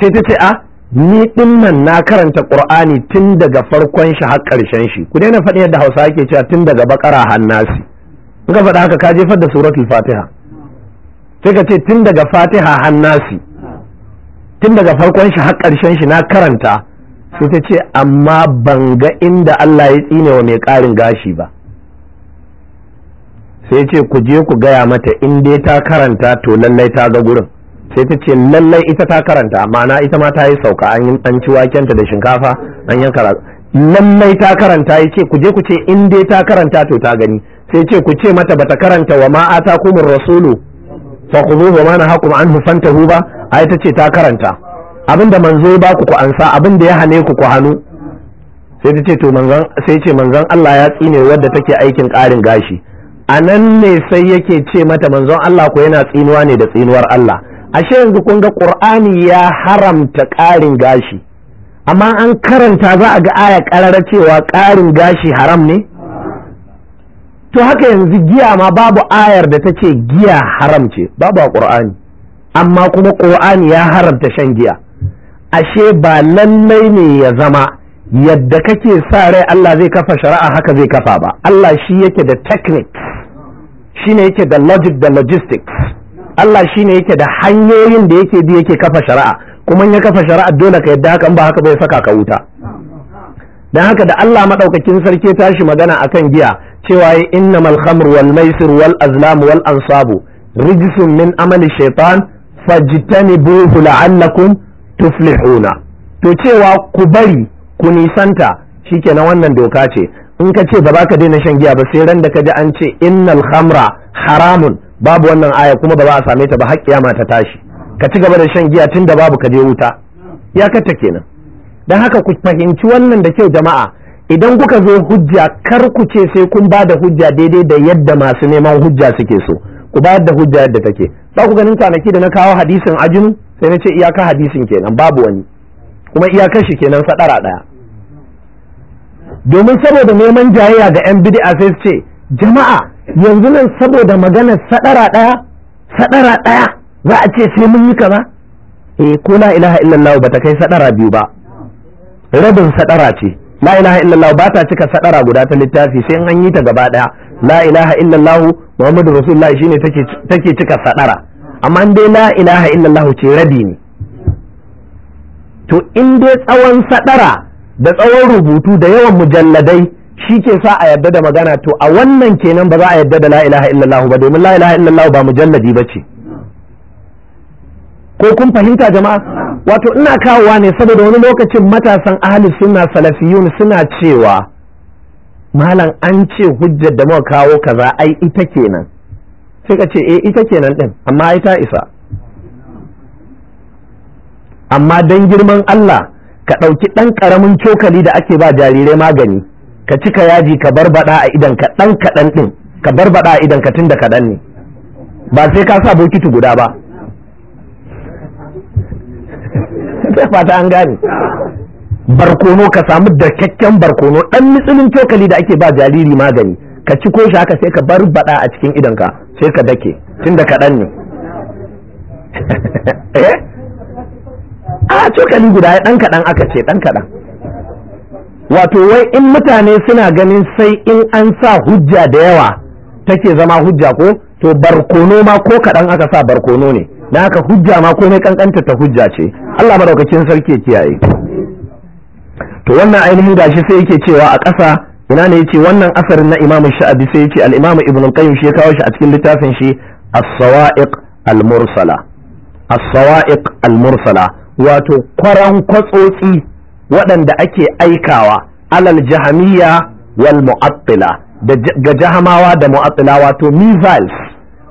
sai ta ce a ah, ni din nan na karanta qur'ani tun daga farkon shi har karshen shi ku daina faɗi yadda hausa yake cewa tun daga bakara hannasi in ka faɗa haka ka jefar da suratul fatiha sai ka ce tun daga fatiha hannasi tun daga farkon shi har karshen shi na karanta sai ta ce amma ban ga inda Allah ya tsine wa mai ƙarin gashi ba sai ce ku je ku gaya mata in dai ta karanta to lallai ta ga gurin sai ta ce lallai ita ta karanta ma'ana ita ma ta yi sauka an yi ci wakenta da shinkafa an yanka lallai ta karanta ya ce ku je ku ce in dai ta karanta to ta gani sai ce ku ce mata bata karanta wa ma kumin rasulu fa khudhuhu wa ma an anhu fantahu ba ai ta ce ta karanta abinda manzo ba ku ku ansa abinda ya hane ku ku hannu sai ta ce to manzon sai ce manzon Allah ya tsine wadda take aikin ƙarin gashi a nan ne sai yake ce mata manzon Allah ko yana tsinuwa ne da tsinuwar Allah ashe yanzu kun ga ƙur'ani ya haramta ƙarin gashi amma an karanta za a ga aya ƙarara cewa ƙarin gashi haram ne to haka yanzu giya ma babu ayar da ta ce giya haram ce babu a ƙur'ani amma kuma ƙur'ani ya haramta shan giya ashe ba lallai ne ya zama yadda kake sa rai Allah zai kafa shari'a haka zai kafa ba Allah shi yake da techniques shi yake da logic da logistics Allah shine yake da hanyoyin da yake bi yake kafa shari'a kuma ya kafa shari'a dole ka yadda haka ba haka bai saka ka wuta dan haka da Allah madaukakin sarki tashi magana a kan giya cewa innamal khamru wal maisir wal azlam wal ansabu rijsun min amali shaitan fajtanibuhu la'allakum tuflihuna to cewa ku bari ku nisanta shikenan wannan doka ce in ka ce ba za ka daina shan giya ba sai ran da ka ji an ce innal khamra haramun babu wannan aya kuma ba za a same ta ba har kiyama ta tashi ka ci gaba da shan giya tun da babu ka je wuta ya kata kenan dan haka ku fahimci wannan da kyau jama'a idan kuka zo hujja kar ku ce sai kun ba da hujja daidai da yadda masu neman hujja suke so ku ba da hujja yadda take ba ku ganin kwanaki da na kawo hadisin ajinu sai na ce iyaka hadisin kenan babu wani kuma iyakar shi kenan sadara daya domin saboda neman jayayya ga yan bid'a sai ce jama'a yanzu nan saboda maganar sadara daya sadara daya za a ce sai mun yi kaza eh ko la ilaha illallah bata kai sadara biyu ba rabin sadara ce la ilaha illallah ba ta cika sadara guda ta littafi sai an yi ta gaba daya la ilaha illallah muhammadu rasulullah shine take take cika sadara amma dai la ilaha illallah ce rabi ne to in dai tsawon sadara da tsawon rubutu da yawan mujalladai shi ke sa a yadda da magana to a wannan kenan ba za a yadda da la ilaha illallah ba domin la ilaha illallah ba mujalladi ba ce ko kun fahimta jama'a wato ina kawowa ne saboda wani lokacin matasan ahli suna salafiyun suna cewa malam an ce hujjar da muka kawo kaza ai ita kenan sai ka ce eh ita kenan din amma ai ta isa amma dan girman Allah ka ɗauki ɗan ƙaramin cokali da ake ba jarirai magani ka cika yaji ka barbaɗa a idan ka ɗan kaɗan ɗin ka barbaɗa a idan ka tun da kaɗan ne ba sai ka sa bokiti guda ba fata an gane barkono ka samu kyakkyan barkono ɗan mitsilin cokali da ake ba jariri magani ka ci ko shi haka sai ka barbaɗa a cikin idanka sai ka dake tun da kaɗan ne eh? a cokali guda ɗan kaɗan aka ce ɗan kaɗan wato wai in mutane suna ganin sai in an sa hujja da yawa take zama hujja ko to barkono ma ko kaɗan aka sa barkono ne na haka hujja ma ko ne kankanta ta hujja ce Allah madaukakin sarki kiyaye to wannan ainihin gashi sai yake cewa a ƙasa ina ne yace wannan asarin na imamu sha'abi sai yace al-imamu ibnu qayyim shi ya kawo shi a cikin littafin shi as-sawa'iq al-mursala as-sawa'iq al-mursala wato kwaran kwatsotsi waɗanda ake aikawa alal jahamiya wal mu'attila ga jahamawa da mu'attila wato mizals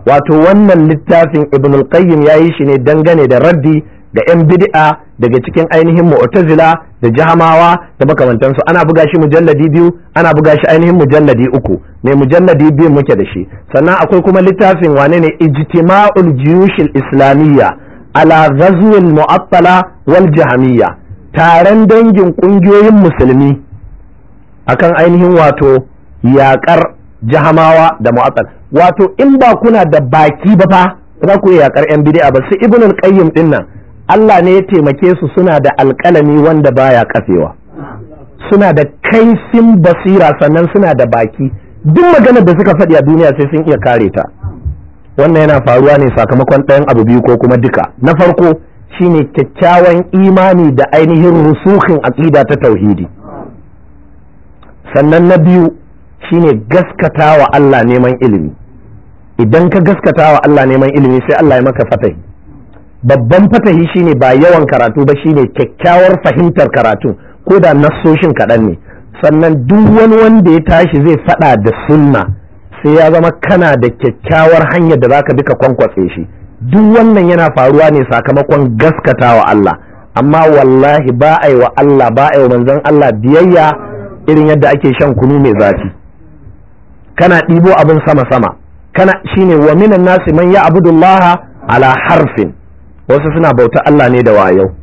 wato wannan littafin ibn al-qayyim ya yi shi ne dangane da raddi da yan bid'a daga cikin ainihin mu'tazila da jahamawa da makamantansu ana buga shi mujalladi biyu ana buga shi ainihin mujalladi uku mai mujalladi biyu muke da shi sannan akwai kuma littafin wane ne ijtima'ul jiyushil islamiyya ala ghazwil mu'attala wal jahamiyya taron dangin kungiyoyin musulmi akan ainihin wato yakar jahamawa da mu'attal wato in ba kuna da baki ba fa za ku yakar yan bid'a ba su ibnul qayyim din nan Allah ne ya taimake su suna da alƙalami wanda baya kafewa suna da kaisin basira sannan suna da baki duk maganar da suka faɗi a duniya sai sun iya kare ta wannan yana faruwa ne sakamakon ɗayan abu biyu ko kuma duka na farko shine kyakkyawan imani da ainihin rusukin aƙida ta tauhidi sannan na biyu shine gaskata wa Allah neman ilimi idan ka gaskata wa Allah neman ilimi sai Allah ya maka fatahi babban fatahi shine ba yawan karatu ba shine kyakkyawar fahimtar karatu ko da nassoshin kaɗan ne sannan duk wani wanda ya tashi zai faɗa da sunna sai ya zama kana da kyakkyawar hanyar da zaka bi ka kwankwatse shi duk wannan yana faruwa ne sakamakon gaskata wa Allah amma wallahi ba a yi wa Allah ba a yi wa manzon Allah biyayya irin yadda ake shan kunu mai zafi kana ɗibo abin sama sama kana shine wa minan nasi man ya abudullaha ala harfin wasu suna bauta Allah ne da wayo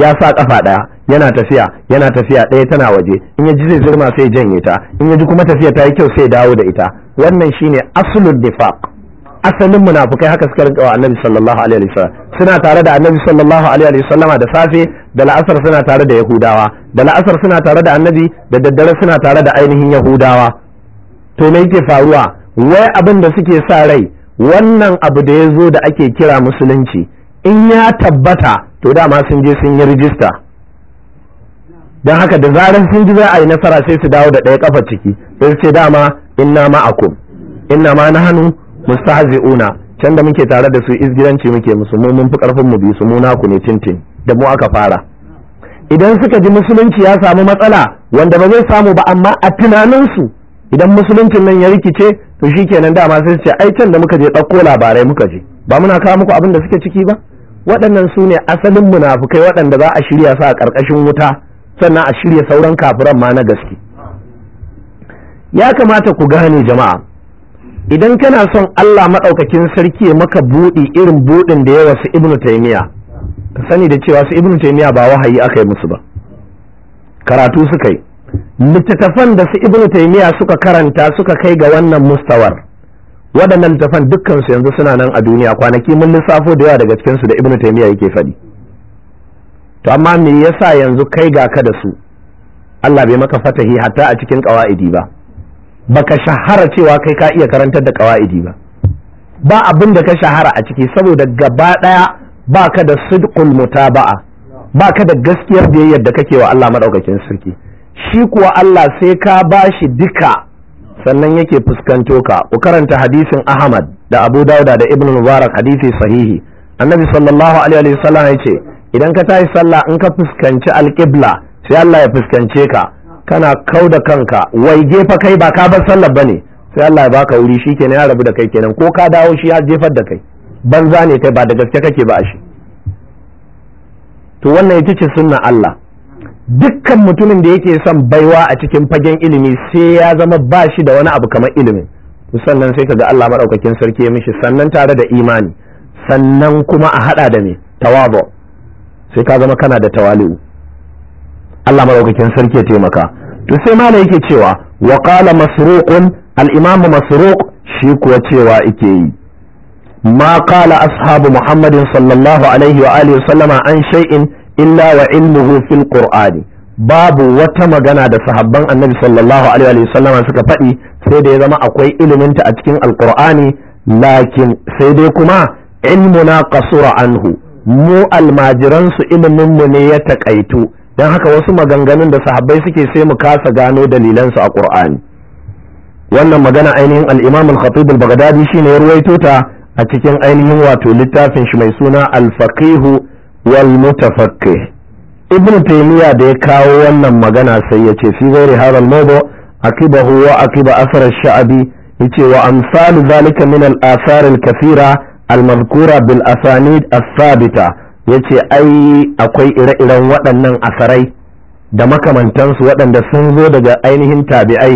ya sa kafa ɗaya yana tafiya yana tafiya ɗaya tana waje in ya ji zai zirma sai janye ta in ya ji kuma tafiya ta yi kyau sai dawo da ita wannan shine aslud nifaq asalin munafukai haka suka rinka wa annabi sallallahu alaihi wasallam suna tare da annabi sallallahu alaihi wasallam da safe da la'asar suna tare da yahudawa da la'asar suna tare da annabi da daddare suna tare da ainihin yahudawa to me yake faruwa wai abin da suke sa rai wannan abu da ya zo da ake kira musulunci in ya tabbata to dama sun je sun yi rijista don haka da zarar sun ji za a yi nasara sai su dawo da ɗaya kafa ciki sai su ce dama inna ma'akum inna ma na hannu una can da muke tare da su izgiranci muke musu mu mun fi karfin mu bi su mu naku ne tintin da mu aka fara idan suka ji musulunci ya samu matsala wanda ba zai samu ba amma a tunaninsu idan musuluncin nan ya rikice to shi kenan dama sai su ce ai can da muka je ɗauko labarai muka je ba muna kawo muku abin da suke ciki ba waɗannan su ne asalin munafukai waɗanda za a shirya su a ƙarƙashin wuta sannan a shirya sauran kafiran ma na gaske ya kamata ku gane jama'a idan kana son Allah maɗaukakin sarki ya maka buɗi irin buɗin da yawa su ibnu taimiya sani da cewa su ibnu taimiya ba wahayi aka yi musu ba karatu suka yi littattafan da su ibnu taimiya suka karanta suka kai ga wannan mustawar waɗannan littafan dukkansu yanzu suna nan a duniya kwanaki mun lissafo da yawa daga cikinsu da ibnu taymiya yake faɗi to amma me yasa yanzu kai ga ka da su Allah bai maka fatahi hatta a cikin ƙawa'idi ba baka shahara cewa kai ka iya karantar da ƙawa'idi ba ba abin da ka shahara a ciki saboda gaba ɗaya baka da sidqul mutaba'a ba ka da gaskiyar biyayyar da kake wa Allah madaukakin sarki shi kuwa Allah sai ka bashi duka sannan yake fuskanto ka ku karanta hadisin ahmad da abu dauda da ibn mubarak hadisi sahihi annabi sallallahu alaihi wa ya ce idan ka tashi sallah in ka fuskanci alqibla sai Allah ya fuskance ka kana kau da kanka wai gefa kai ba ka bar sallah bane sai Allah ya baka wuri shikenan ya rabu da kai kenan ko ka dawo shi ya jefar da kai banza ne kai ba da gaske kake ba shi to wannan ita ce sunna Allah dukkan mutumin da yake son baiwa a cikin fagen ilimi sai ya zama ba shi da wani abu kamar ilimin sannan sai kaga Allah maɗaukakin sarki ya mishi sannan tare da imani sannan kuma a haɗa da me tawabo sai ka zama kana da tawali'u Allah maɗaukakin sarki ya taimaka to sai mala yake cewa wa qala masruqun al-imam masruq shi kuwa cewa yake yi ma qala ashabu muhammadin sallallahu alaihi wa alihi sallama an shay'in illa wa ilmuhu fil qur'ani babu wata magana da sahabban annabi sallallahu alaihi wa sallama suka faɗi sai da ya zama akwai ta a cikin alqur'ani lakin sai dai kuma ilmuna qasura anhu mu almajiran su ilimin mu ne ya takaitu dan haka wasu maganganun da sahabbai suke sai mu kasa gano dalilan su a qur'ani wannan magana ainihin al-imam al-khatib al-baghdadi shine ya ruwaito ta a cikin ainihin wato littafin shi mai suna al-faqihu wal mutafaqqih ibn taymiya da ya kawo wannan magana sai ya ce fi ghairi hadha al mawdu aqibahu wa aqiba athar ash-sha'bi yace wa amsal zalika min al athar al kathira al madhkura bil asanid as sabita yace ai akwai ire-iren waɗannan asarai da makamantansu waɗanda sun zo daga ainihin tabi'ai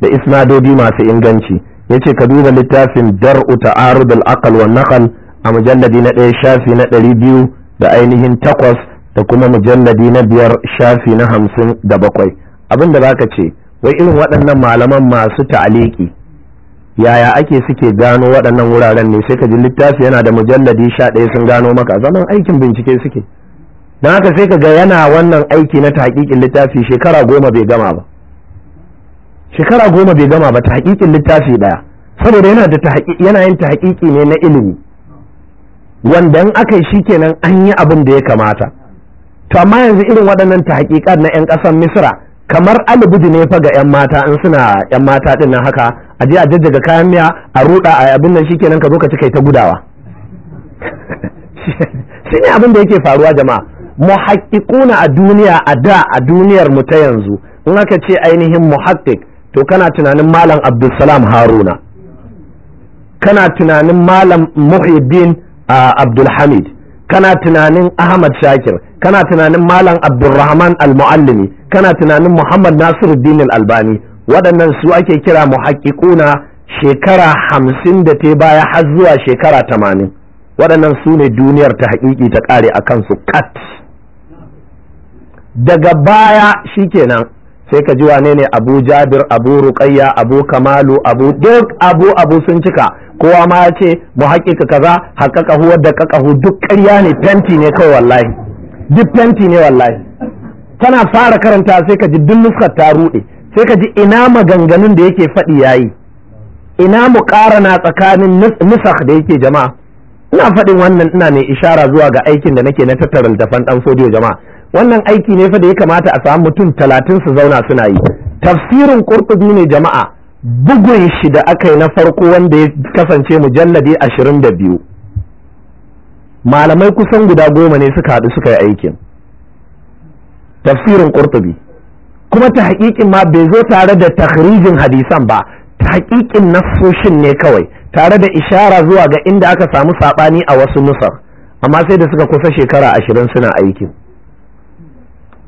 da isnadodi masu inganci yace ka duba littafin dar'u ta'arud al aqal wa a mujalladi na ɗaya shafi na ɗari biyu da ainihin takwas da kuma mujalladi na biyar shafi na hamsin da bakwai abin da zaka ce wai irin waɗannan malaman masu ta'aliki yaya ake suke gano waɗannan wuraren ne sai ka ji littafi yana da mujalladi sha ɗaya sun gano maka zaman aikin bincike suke don haka sai ka ga yana wannan aiki na tahakikin littafi shekara goma bai gama ba shekara goma bai gama ba tahakikin littafi ɗaya saboda yana da yin tahakiki ne na ilimi wanda in aka yi shi kenan an yi abin da ya kamata to amma yanzu irin waɗannan ta hakikat na 'yan ƙasar misra kamar alibudu ne fa ga 'yan mata in suna 'yan mata ɗin nan haka a je a jajjaga kayan miya a ruɗa a abin nan shi kenan ka zo ka ci kai ta gudawa shi ne abin da yake faruwa jama'a muhaƙiƙuna a duniya a da a duniyar mu ta yanzu in aka ce ainihin muhaƙiƙ to kana tunanin malam abdulsalam haruna kana tunanin malam muhiddin a abdulhamid kana tunanin ahmad shakir kana tunanin malam abdulrahman al-muallimi kana tunanin muhammad nasiruddin al-albani waɗannan su ake kira muhaƙiƙuna shekara hamsin da ta baya har zuwa shekara tamanin waɗannan su ne duniyar ta hakiki ta ƙare a kansu kat daga baya shikenan sai ka ji wane ne abu jabir abu ruqayya abu kamalu abu duk abu abu sun cika kowa ma ya ce mu haƙiƙa kaza haƙaƙa wadda da ƙahu duk ƙarya ne fenti ne kawai wallahi duk fenti ne wallahi tana fara karanta sai ka ji duk nuskar ta ruɗe sai ka ji ina maganganun da yake faɗi yayi ina mu na tsakanin nusakh da yake jama'a ina faɗin wannan ina mai ishara zuwa ga aikin da nake na tattara littafan ɗan fodiyo jama'a wannan aiki ne fa da ya kamata a samu mutum talatin su zauna suna yi tafsirin qurtubi ne jama'a bugun shi da aka yi na farko wanda ya kasance mujalladi ashirin da biyu malamai kusan guda goma ne suka haɗu suka yi aikin tafsirin qurtubi kuma ta haƙiƙin ma bai zo tare da takhrijin hadisan ba ta haƙiƙin nassoshin ne kawai tare da ishara zuwa ga inda aka samu saɓani a wasu nusar amma sai da suka kusa shekara ashirin suna aikin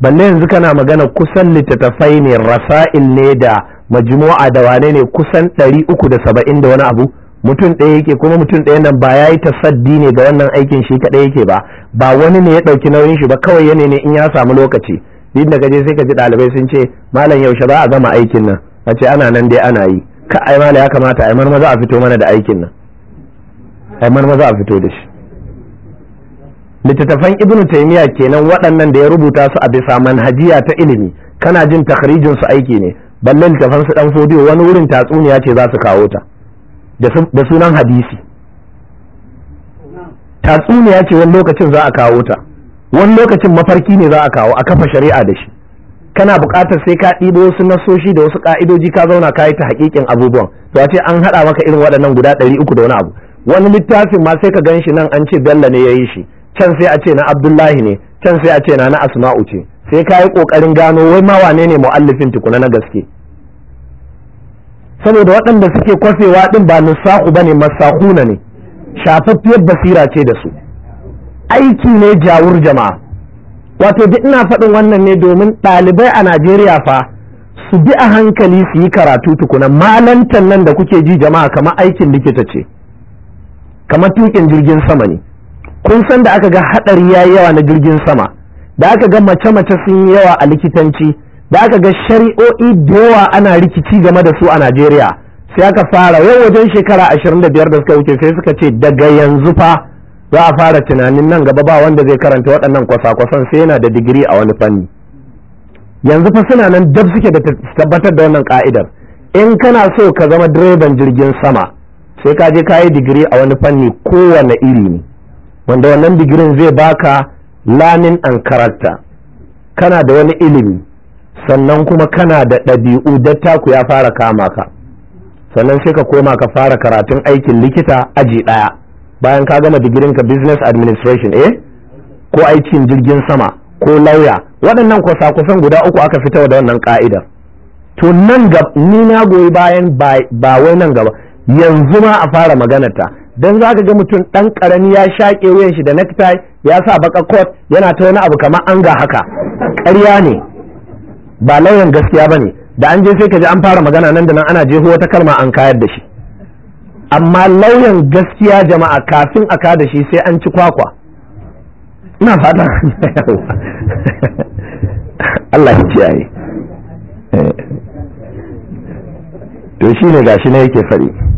balle yanzu kana magana kusan littattafai ne rasa'il ne da majmu'a da wane ne kusan ɗari uku da saba'in da wani abu mutum ɗaya yake kuma mutum ɗaya nan ba ya yi tasaddi ne ga wannan aikin shi kaɗai yake ba ba wani ne ya ɗauki nauyin shi ba kawai yana ne in ya samu lokaci duk da gaje sai ka ji ɗalibai sun ce malam yaushe za a gama aikin nan a ce ana nan dai ana yi ka ai malam ya kamata ai maza a fito mana da aikin nan ai maza a fito da shi littattafan ibnu taimiya kenan waɗannan da ya rubuta su a bisa manhajiya ta ilimi kana jin takhrijin su aiki ne balle littattafan su dan sodiyo wani wurin tatsuniya ce za su kawo ta da sunan hadisi tatsuniya ce wani lokacin za a kawo ta wani lokacin mafarki ne za a kawo a kafa shari'a da shi kana buƙatar sai ka ɗibo wasu nasoshi da wasu ƙa'idoji ka zauna ka yi ta haƙiƙin abubuwan to a ce an haɗa maka irin waɗannan guda ɗari uku da wani abu wani littafin ma sai ka gan shi nan an ce bello ne ya yi shi can sai a ce na abdullahi ne can sai a ce na na asma'u ce sai ka yi ƙoƙarin gano wai ma wane ne mu'allifin tukuna na gaske saboda waɗanda suke kwasewa ɗin ba nusahu ba ne masahuna ne shafaffiyar basira ce da su aiki ne jawur jama'a wato duk ina faɗin wannan ne domin ɗalibai a najeriya fa su bi a hankali su yi karatu tukuna malantan nan da kuke ji jama'a kamar aikin likita ce kamar tukin jirgin sama ne kun san da aka ga hadari ya yawa na jirgin sama da aka ga mace-mace sun yi yawa a likitanci da aka ga shari'o'i da yawa ana rikici game da su a najeriya sai aka fara yau wajen shekara ashirin da biyar da suka wuce sai suka ce daga yanzu fa za a fara tunanin nan gaba ba wanda zai karanta waɗannan kwasa-kwasan sai yana da digiri a wani fanni yanzu fa suna nan dab suke da tabbatar da wannan ka'idar in kana so ka zama direban jirgin sama sai ka je ka yi digiri a wani fanni kowane iri ne wanda wannan digirin zai baka lanin an karatta kana da wani ilimi sannan kuma kana da ɗabi'u dattaku ya fara kama ka sannan sai ka koma ka fara karatun aikin likita aji ɗaya bayan ka gama digirin ka business administration eh ko aikin jirgin sama ko lauya waɗannan kwasa-kwasan guda uku aka fitar da wannan ka'idar to nan ga ni na goyi bayan ba wai nan gaba yanzu ma a fara maganata Don za ka ga mutum ɗan ƙarami ya shaƙe wuyan shi da nektai ya sa baka kot yana ta wani abu kamar an ga haka ƙarya ne ba lauyan gaskiya ba ne da an je sai ka ji an fara magana nan da nan ana jeho wata kalma an kayar da shi amma lauyan gaskiya jama'a kafin a ka da shi sai an ci kwakwa ina fata Allah ya kiyaye eh. to shine gashi ne yake fari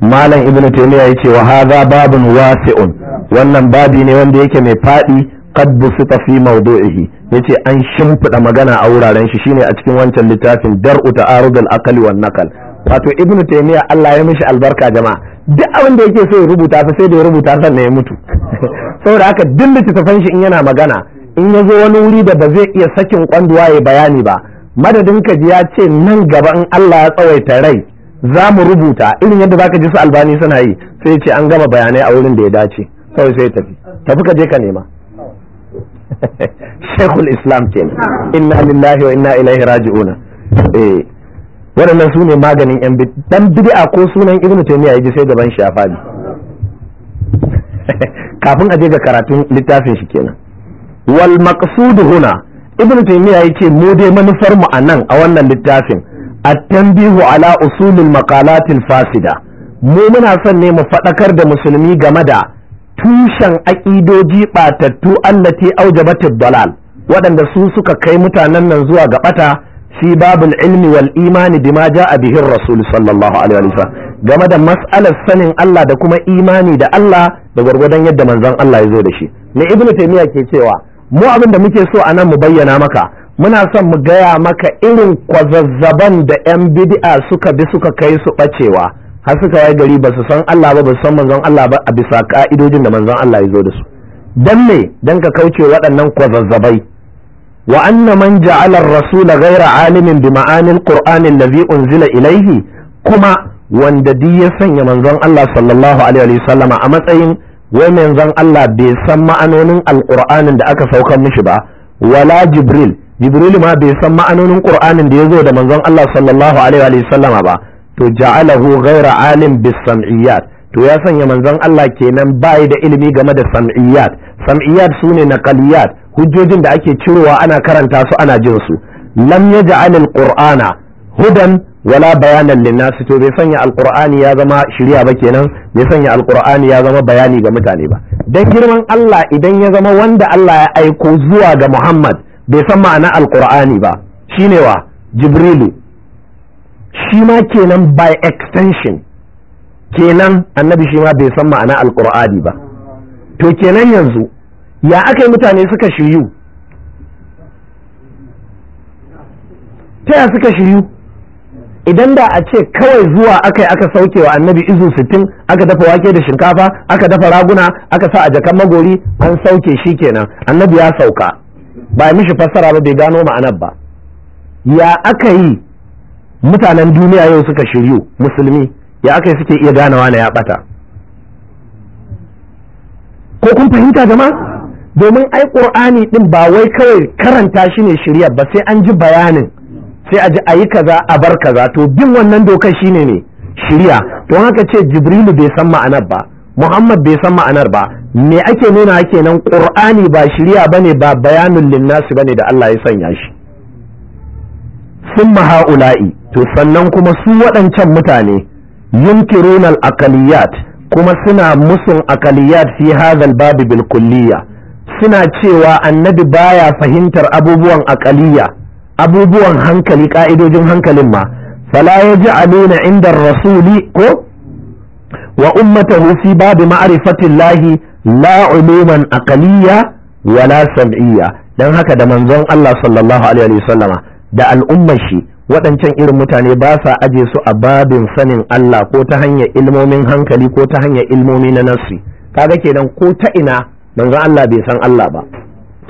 malam ibnu taymiya yace wa hadha babun wasi'un wannan babi ne wanda yake mai fadi qad busita fi mawdu'ihi yace an shimfida magana a wuraren shi shine a cikin wancan littafin dar'u ta'arud al-aql wan naql wato ibnu taymiya Allah ya mishi albarka jama'a duk abin da yake so ya rubuta fa sai da ya rubuta ne ya mutu saboda haka duk littattafan shi in yana magana in ya zo wani wuri da ba zai iya sakin kwanduwa ya bayani ba madadin Kaji ji ya ce nan gaba in Allah ya tsawaita rai za mu rubuta irin yadda zaka ji su albani suna yi sai ce an gama bayanai a wurin da ya dace kawai sai tafi tafi ka je ka nema shekul islam ce inna lillahi wa inna ilaihi raji'una eh waɗannan su ne maganin yan dan bid'a ko sunan ibnu taymiya yaji sai gaban shi ya kafin a je ga karatun littafin shi kenan wal maqsud huna ibnu taymiya yace mu dai manufar mu anan a wannan littafin at-tanbihu ala usulil maqalatil fasida mu muna son ne mu faɗakar da musulmi game da tushen aƙidoji ɓatattu allati aujabatid dalal waɗanda su suka kai mutanen nan zuwa ga ɓata fi babul ilmi wal imani bima ja'a bihin rasul sallallahu alaihi wa game da mas'alar sanin Allah da kuma imani da Allah da gwargwadon yadda manzon Allah ya zo da shi ne ibnu taymiya ke cewa mu abin da muke so a nan mu bayyana maka muna son mu gaya maka irin kwazazzaban da 'yan bid'a suka bi suka kai su ɓacewa har suka wai gari ba su san Allah ba ba su san manzon Allah ba a bisa ka'idojin da manzon Allah ya zo da su dan me dan ka kauce waɗannan kwazazzabai wa anna man ja'ala ar-rasul ghayra alimin bi ma'anil qur'an allazi unzila ilayhi kuma wanda duk ya sanya manzon Allah sallallahu alaihi wa sallama a matsayin wai manzon Allah bai san ma'anonin alqur'anin da aka saukar mishi ba wala jibril jibril ma bai san ma'anonin qur'anin da ya zo da manzon Allah sallallahu alaihi wa sallama ba to ja'alahu ghaira alim bis to ya sanya manzon Allah kenan bai da ilimi game da sam'iyat sam'iyat sune naqaliyat hujjojin da ake cirowa ana karanta su ana jin su lam yaj'al qurana hudan wala bayanan linnas to bai sanya alqur'ani ya zama shiriya ba kenan bai sanya alqur'ani ya zama bayani ga mutane ba dan girman Allah idan ya zama wanda Allah ya aiko zuwa ga Muhammad bai san ma'ana alkur'ani ba ne wa jibrilu shi ma kenan by extension kenan annabi shi ma bai san ma'ana alkur'ani ba to kenan yanzu ya aka yi mutane suka shiryu ta ya suka shiryu idan da a ce kawai zuwa aka yi aka sauke wa annabi izu sittin aka dafa wake da shinkafa aka dafa raguna aka sa a jakan magori an sauke shi kenan annabi ya sauka ba mishi fassara ba bai gano ma'anar ba ya aka yi mutanen duniya yau suka shiryu musulmi ya aka yi suke iya ganawa na ya bata ko kun fahimta jama domin ai qur'ani ɗin ba wai kawai karanta shi ne shirya ba sai an ji bayanin sai a ji ayi kaza a bar kaza to bin wannan dokar shine ne shirya don haka ce jibrilu bai san ma'anar ba muhammad bai san ma'anar ba me ake nuna kenan ƙur'ani ba shiriya ne ba bayanin linnasi ne da Allah ya sanya shi Sun haula'i to sannan kuma su waɗancan mutane yunkiruna al akaliyat kuma suna musun akaliyat fi hazal babu suna cewa annabi baya fahimtar abubuwan akaliya abubuwan hankali ka'idojin hankalin ma fala nuna inda rasuli ko wa ummatahu fi babu ma'arifatin lahi. la uluman aqaliyya wala sam'iyya dan haka da manzon Allah sallallahu alaihi wasallama da al'ummar shi waɗancan irin mutane ba sa aje su a babin sanin Allah ko ta hanyar ilmomin hankali ko ta hanyar ilmomi na nasu kaga kenan ko ta ina manzon Allah bai san Allah ba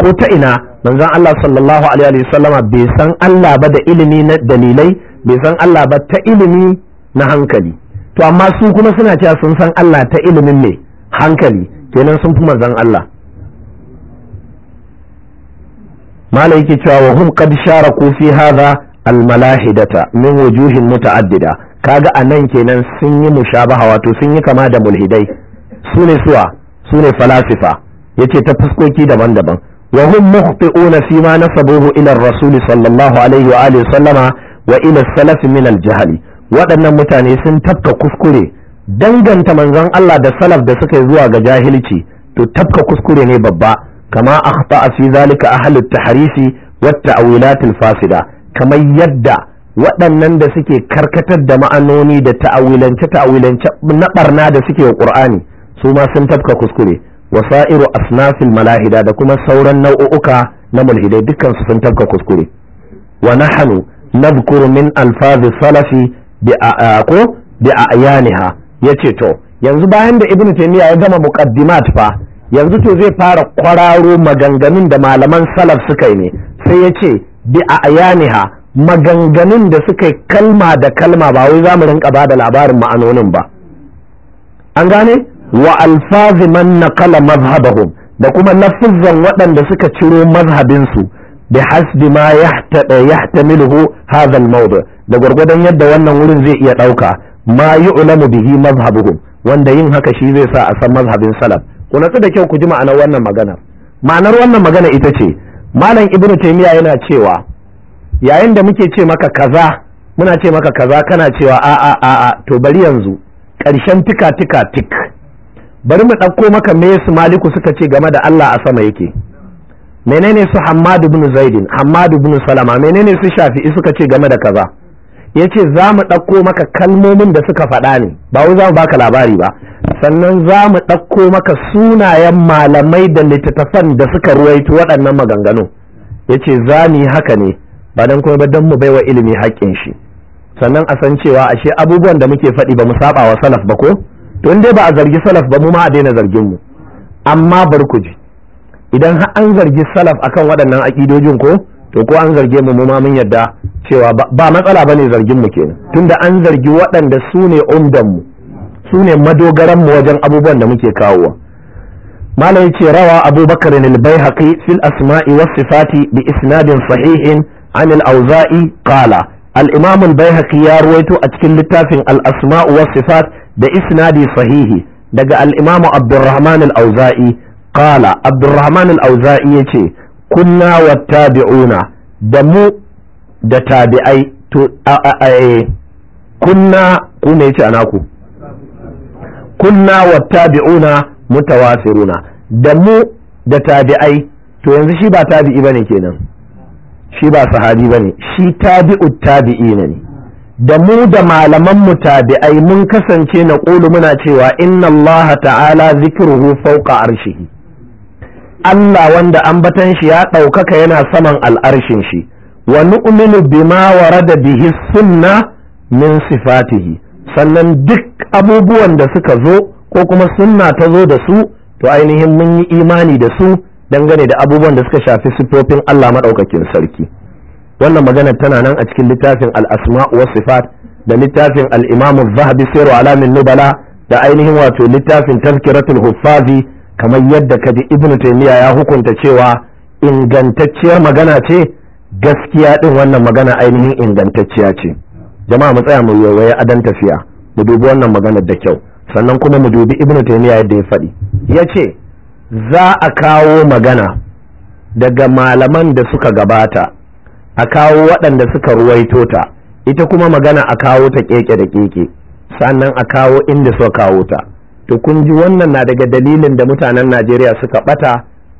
ko ta ina manzon Allah sallallahu alaihi wasallama bai san Allah ba da ilimi na dalilai bai san Allah ba ta ilimi na hankali to amma su kuma suna cewa sun san Allah ta ilimin ne hankali kenan sun fi manzon Allah mala yake cewa wa hum qad sharaku fi hadha al malahidata min wujuhin muta'addida kaga anan kenan sun yi mushabaha wato sun yi kama da mulhidai su ne suwa su ne falasifa yace ta fuskoki daban-daban wa hum mukhti'una fi ma nasabuhu ila rasul sallallahu alaihi wa alihi sallama wa ila salaf min al-jahli waɗannan mutane sun tafka kuskure danganta manzon Allah da salaf da suka yi zuwa ga jahilci to tafka kuskure ne babba kama akhta fi zalika ahlut tahrisi wa ta'wilat fasida kamar yadda waɗannan da suke karkatar da ma'anoni da ta'awilance ta'awilance na barna da suke wa ƙur'ani su ma sun tafka kuskure wa sa'iru asnafil malahida da kuma sauran nau'uka na mulhidai dukkan su sun tafka kuskure wa nahnu nadhkuru min alfazi salafi bi ko bi ayaniha ya ce to yanzu bayan da ibn taymiya ya gama muqaddimat fa yanzu to zai fara kwararo maganganun da malaman salaf suka yi ne sai ya ce bi a ayaniha maganganun da suka yi kalma da kalma ba wai za mu rinka ba da labarin ma'anonin ba an gane wa alfazi man naqala mazhabahum da kuma lafuzzan waɗanda suka ciro mazhabinsu bi hasbi ma yahtamiluhu hadha al da gwargwadon yadda wannan wurin zai iya ɗauka ma ulamu bihi mazhabuhum wanda yin haka shi zai sa a san mazhabin salaf ku natsu da kyau ku ji ma'anar wannan magana ma'anar wannan magana ita ce malam ibnu taymiya yana cewa yayin da muke ce maka kaza muna ce maka kaza kana cewa a a a to bari yanzu ƙarshen tika tika tik bari mu ɗauko maka me su maliku suka ce game da Allah a sama yake menene su hammadu bin zaidin hammadu bin salama menene su shafi'i suka ce game da kaza ya ce za mu ɗauko maka kalmomin da suka faɗa ne ba wai za mu baka labari ba sannan za mu ɗauko maka sunayen malamai da littattafan da suka ruwaito waɗannan maganganu ya ce za mu haka ne ba don kuma ba don mu baiwa ilimi haƙƙin shi sannan a san cewa ashe abubuwan da muke faɗi ba mu saba wa salaf ba ko to dai ba a zargi salaf ba mu ma a daina zargin mu amma barkuji idan har an zargi salaf akan waɗannan aƙidojin ko to ko an zarge mu ma mun yadda cewa ba matsala bane zargin mu kenan tunda an zargi waɗanda su ne umdan mu su ne madogaran mu wajen abubuwan da muke kawo. malam yace rawa abubakar al baihaqi fil asma'i was sifati bi isnadin sahihin an al auza'i qala al imam al baihaqi ya ruwaito a cikin littafin al asma'u was sifat da isnadi sahihi daga al imam abdurrahman al auza'i qala abdurrahman al awzai yace kunna wa tabi'una da mu da tabi'ai to a a a eh, kunna ku ne ce anaku kunna wa tabi'una mutawasiruna da mu da tabi'ai to yanzu shi ba tabi'i bane kenan shi ba sahabi bane shi tabi'u tabi'i ne da mu da malaman mu tabi'ai mun kasance na ƙulu muna cewa inna Allah ta'ala zikruhu fawqa arshihi Allah wanda ambatan shi ya ɗaukaka yana saman al'arshin shi wa nu'minu bima warada bihi sunna min sifatihi sannan duk abubuwan da suka zo ko kuma sunna ta zo da su to ainihin mun yi imani da su dangane da abubuwan da suka shafi sifofin Allah maɗaukakin sarki wannan magana tana nan a cikin littafin al asmau wa sifat da littafin al-imam zahabi sayru alamin nubala da ainihin wato littafin tazkiratul huffazi kamar yadda ka ji ibnu taymiya ya hukunta cewa ingantacciyar magana ce gaskiya ɗin wannan magana ainihin ingantacciya ce jama'a mu tsaya mu yawaye adan tafiya mu dubi wannan magana da kyau sannan kuma mu dubi ibnu taymiya yadda ya faɗi ya ce za a kawo magana daga malaman da suka gabata a kawo waɗanda suka ruwaito ta ita kuma magana a kawo ta keke da keke sannan a kawo inda suka kawo ta to kun ji wannan na daga dalilin da mutanen najeriya suka bata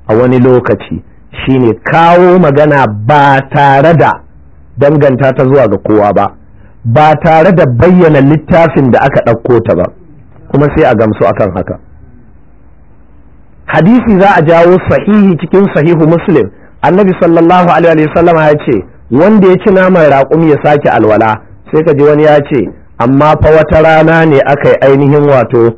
a wani lokaci shine kawo magana ba tare da danganta ta zuwa ga kowa ba ba tare da bayyana littafin da aka ɗauko ta ba kuma sai a gamsu akan haka hadisi za a jawo sahihi cikin sahihu muslim annabi sallallahu alaihi wasallam ya ce wanda ya ci naman raƙum ya sake alwala sai ka ji wani ya ce amma fa wata rana ne aka yi ainihin wato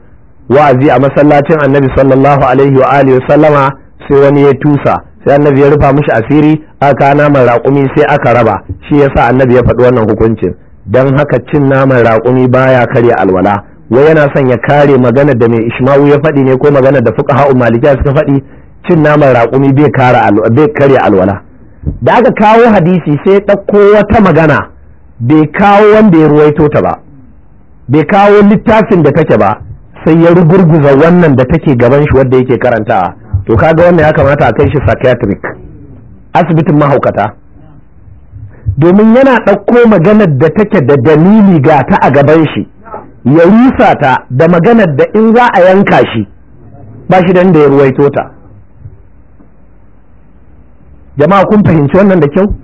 wa'azi a masallacin annabi sallallahu alaihi wa alihi sallama sai wani ya tusa sai annabi ya rufa mishi asiri aka naman raƙumi sai aka raba shi yasa annabi ya faɗi wannan hukuncin dan haka cin naman raƙumi baya karya alwala wai yana son ya kare magana da mai ishmawu ya faɗi ne ko magana da fuqaha malikiya suka faɗi cin naman raƙumi bai karya alwala da aka kawo hadisi sai ɗauko wata magana bai kawo wanda ya ruwaito ta ba bai kawo littafin da take ba sai ya rugurguza wannan da take gaban shi wadda yake karantawa to kaga wannan ya kamata a kai shi psychiatric asibitin mahaukata domin yana ɗauko maganar da take da dalili ga ta a gaban shi ya rusa ta da maganar da in za a yanka shi ba shi da ya ruwaito ta jama'a kun fahimci wannan da kyau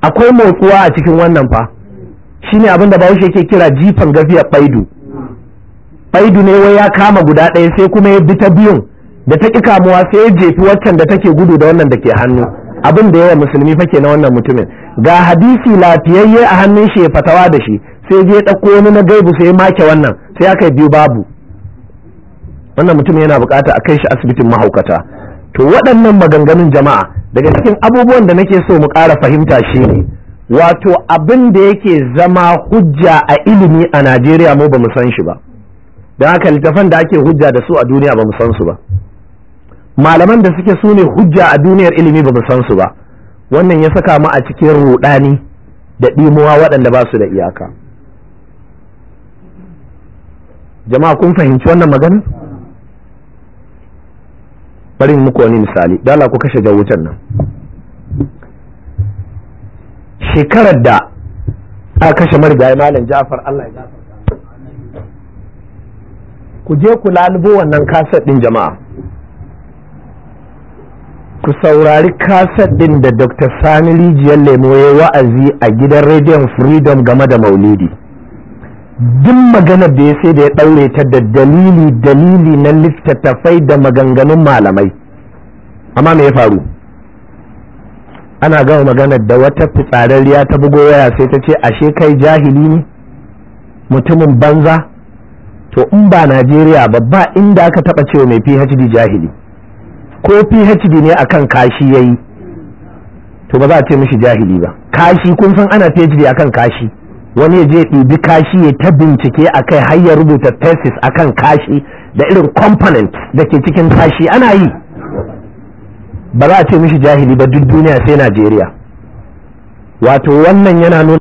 akwai motsuwa a cikin wannan fa shine abin da bahaushe yake kira jifan gafiya baidu baidu ne wai ya kama guda ɗaya sai kuma ya bi ta biyun da ta ƙi kamuwa sai ya jefi waccan da take gudu da wannan da ke hannu abin da yawa musulmi fake na wannan mutumin ga hadisi lafiyayye a hannun shi ya fatawa da shi sai je ɗauko wani na gaibu sai ya make wannan sai aka biyu babu wannan mutum yana bukata a kai shi asibitin mahaukata to waɗannan maganganun jama'a daga cikin abubuwan da nake so mu ƙara fahimta shi ne wato abin da yake zama hujja a ilimi a Najeriya mu ba mu san shi ba don haka littafan da ake hujja da su a duniya ba mu san su ba malaman da suke su ne hujja a duniyar ilimi ba mu san su ba wannan ya saka mu a cikin rudani da ɗimuwa waɗanda ba su da iyaka jama'a kun fahimci wannan magana bari muku wani misali dala ku kashe jawucan nan shekarar da a kashe marigayi malam ja'far Allah ya ku je ku lalubo wannan kaset din jama'a ku saurari kaset din da Dr. Sani Rijiyar Lemo ya wa'azi a gidan Rediyon Freedom game da Maulidi duk maganar da ya sai da ya ɗaure ta da dalili dalili na littattafai da maganganun malamai amma me ya faru ana gama maganar da wata fitsararriya ta bugo waya sai ta ce ashe kai jahili ne mutumin banza to in ba najeriya ba ba inda aka taba cewa mai phd jahili ko phd ne akan kashi ya yi. to ba za a ce mishi jahili ba kashi kun san ana phd akan kashi wani ya je ɗibi kashi ya ta bincike a kai har ya rubuta thesis akan kashi da irin component da ke cikin kashi ana yi ba za a ce mishi jahili ba duk duniya sai najeriya wato wannan yana nuna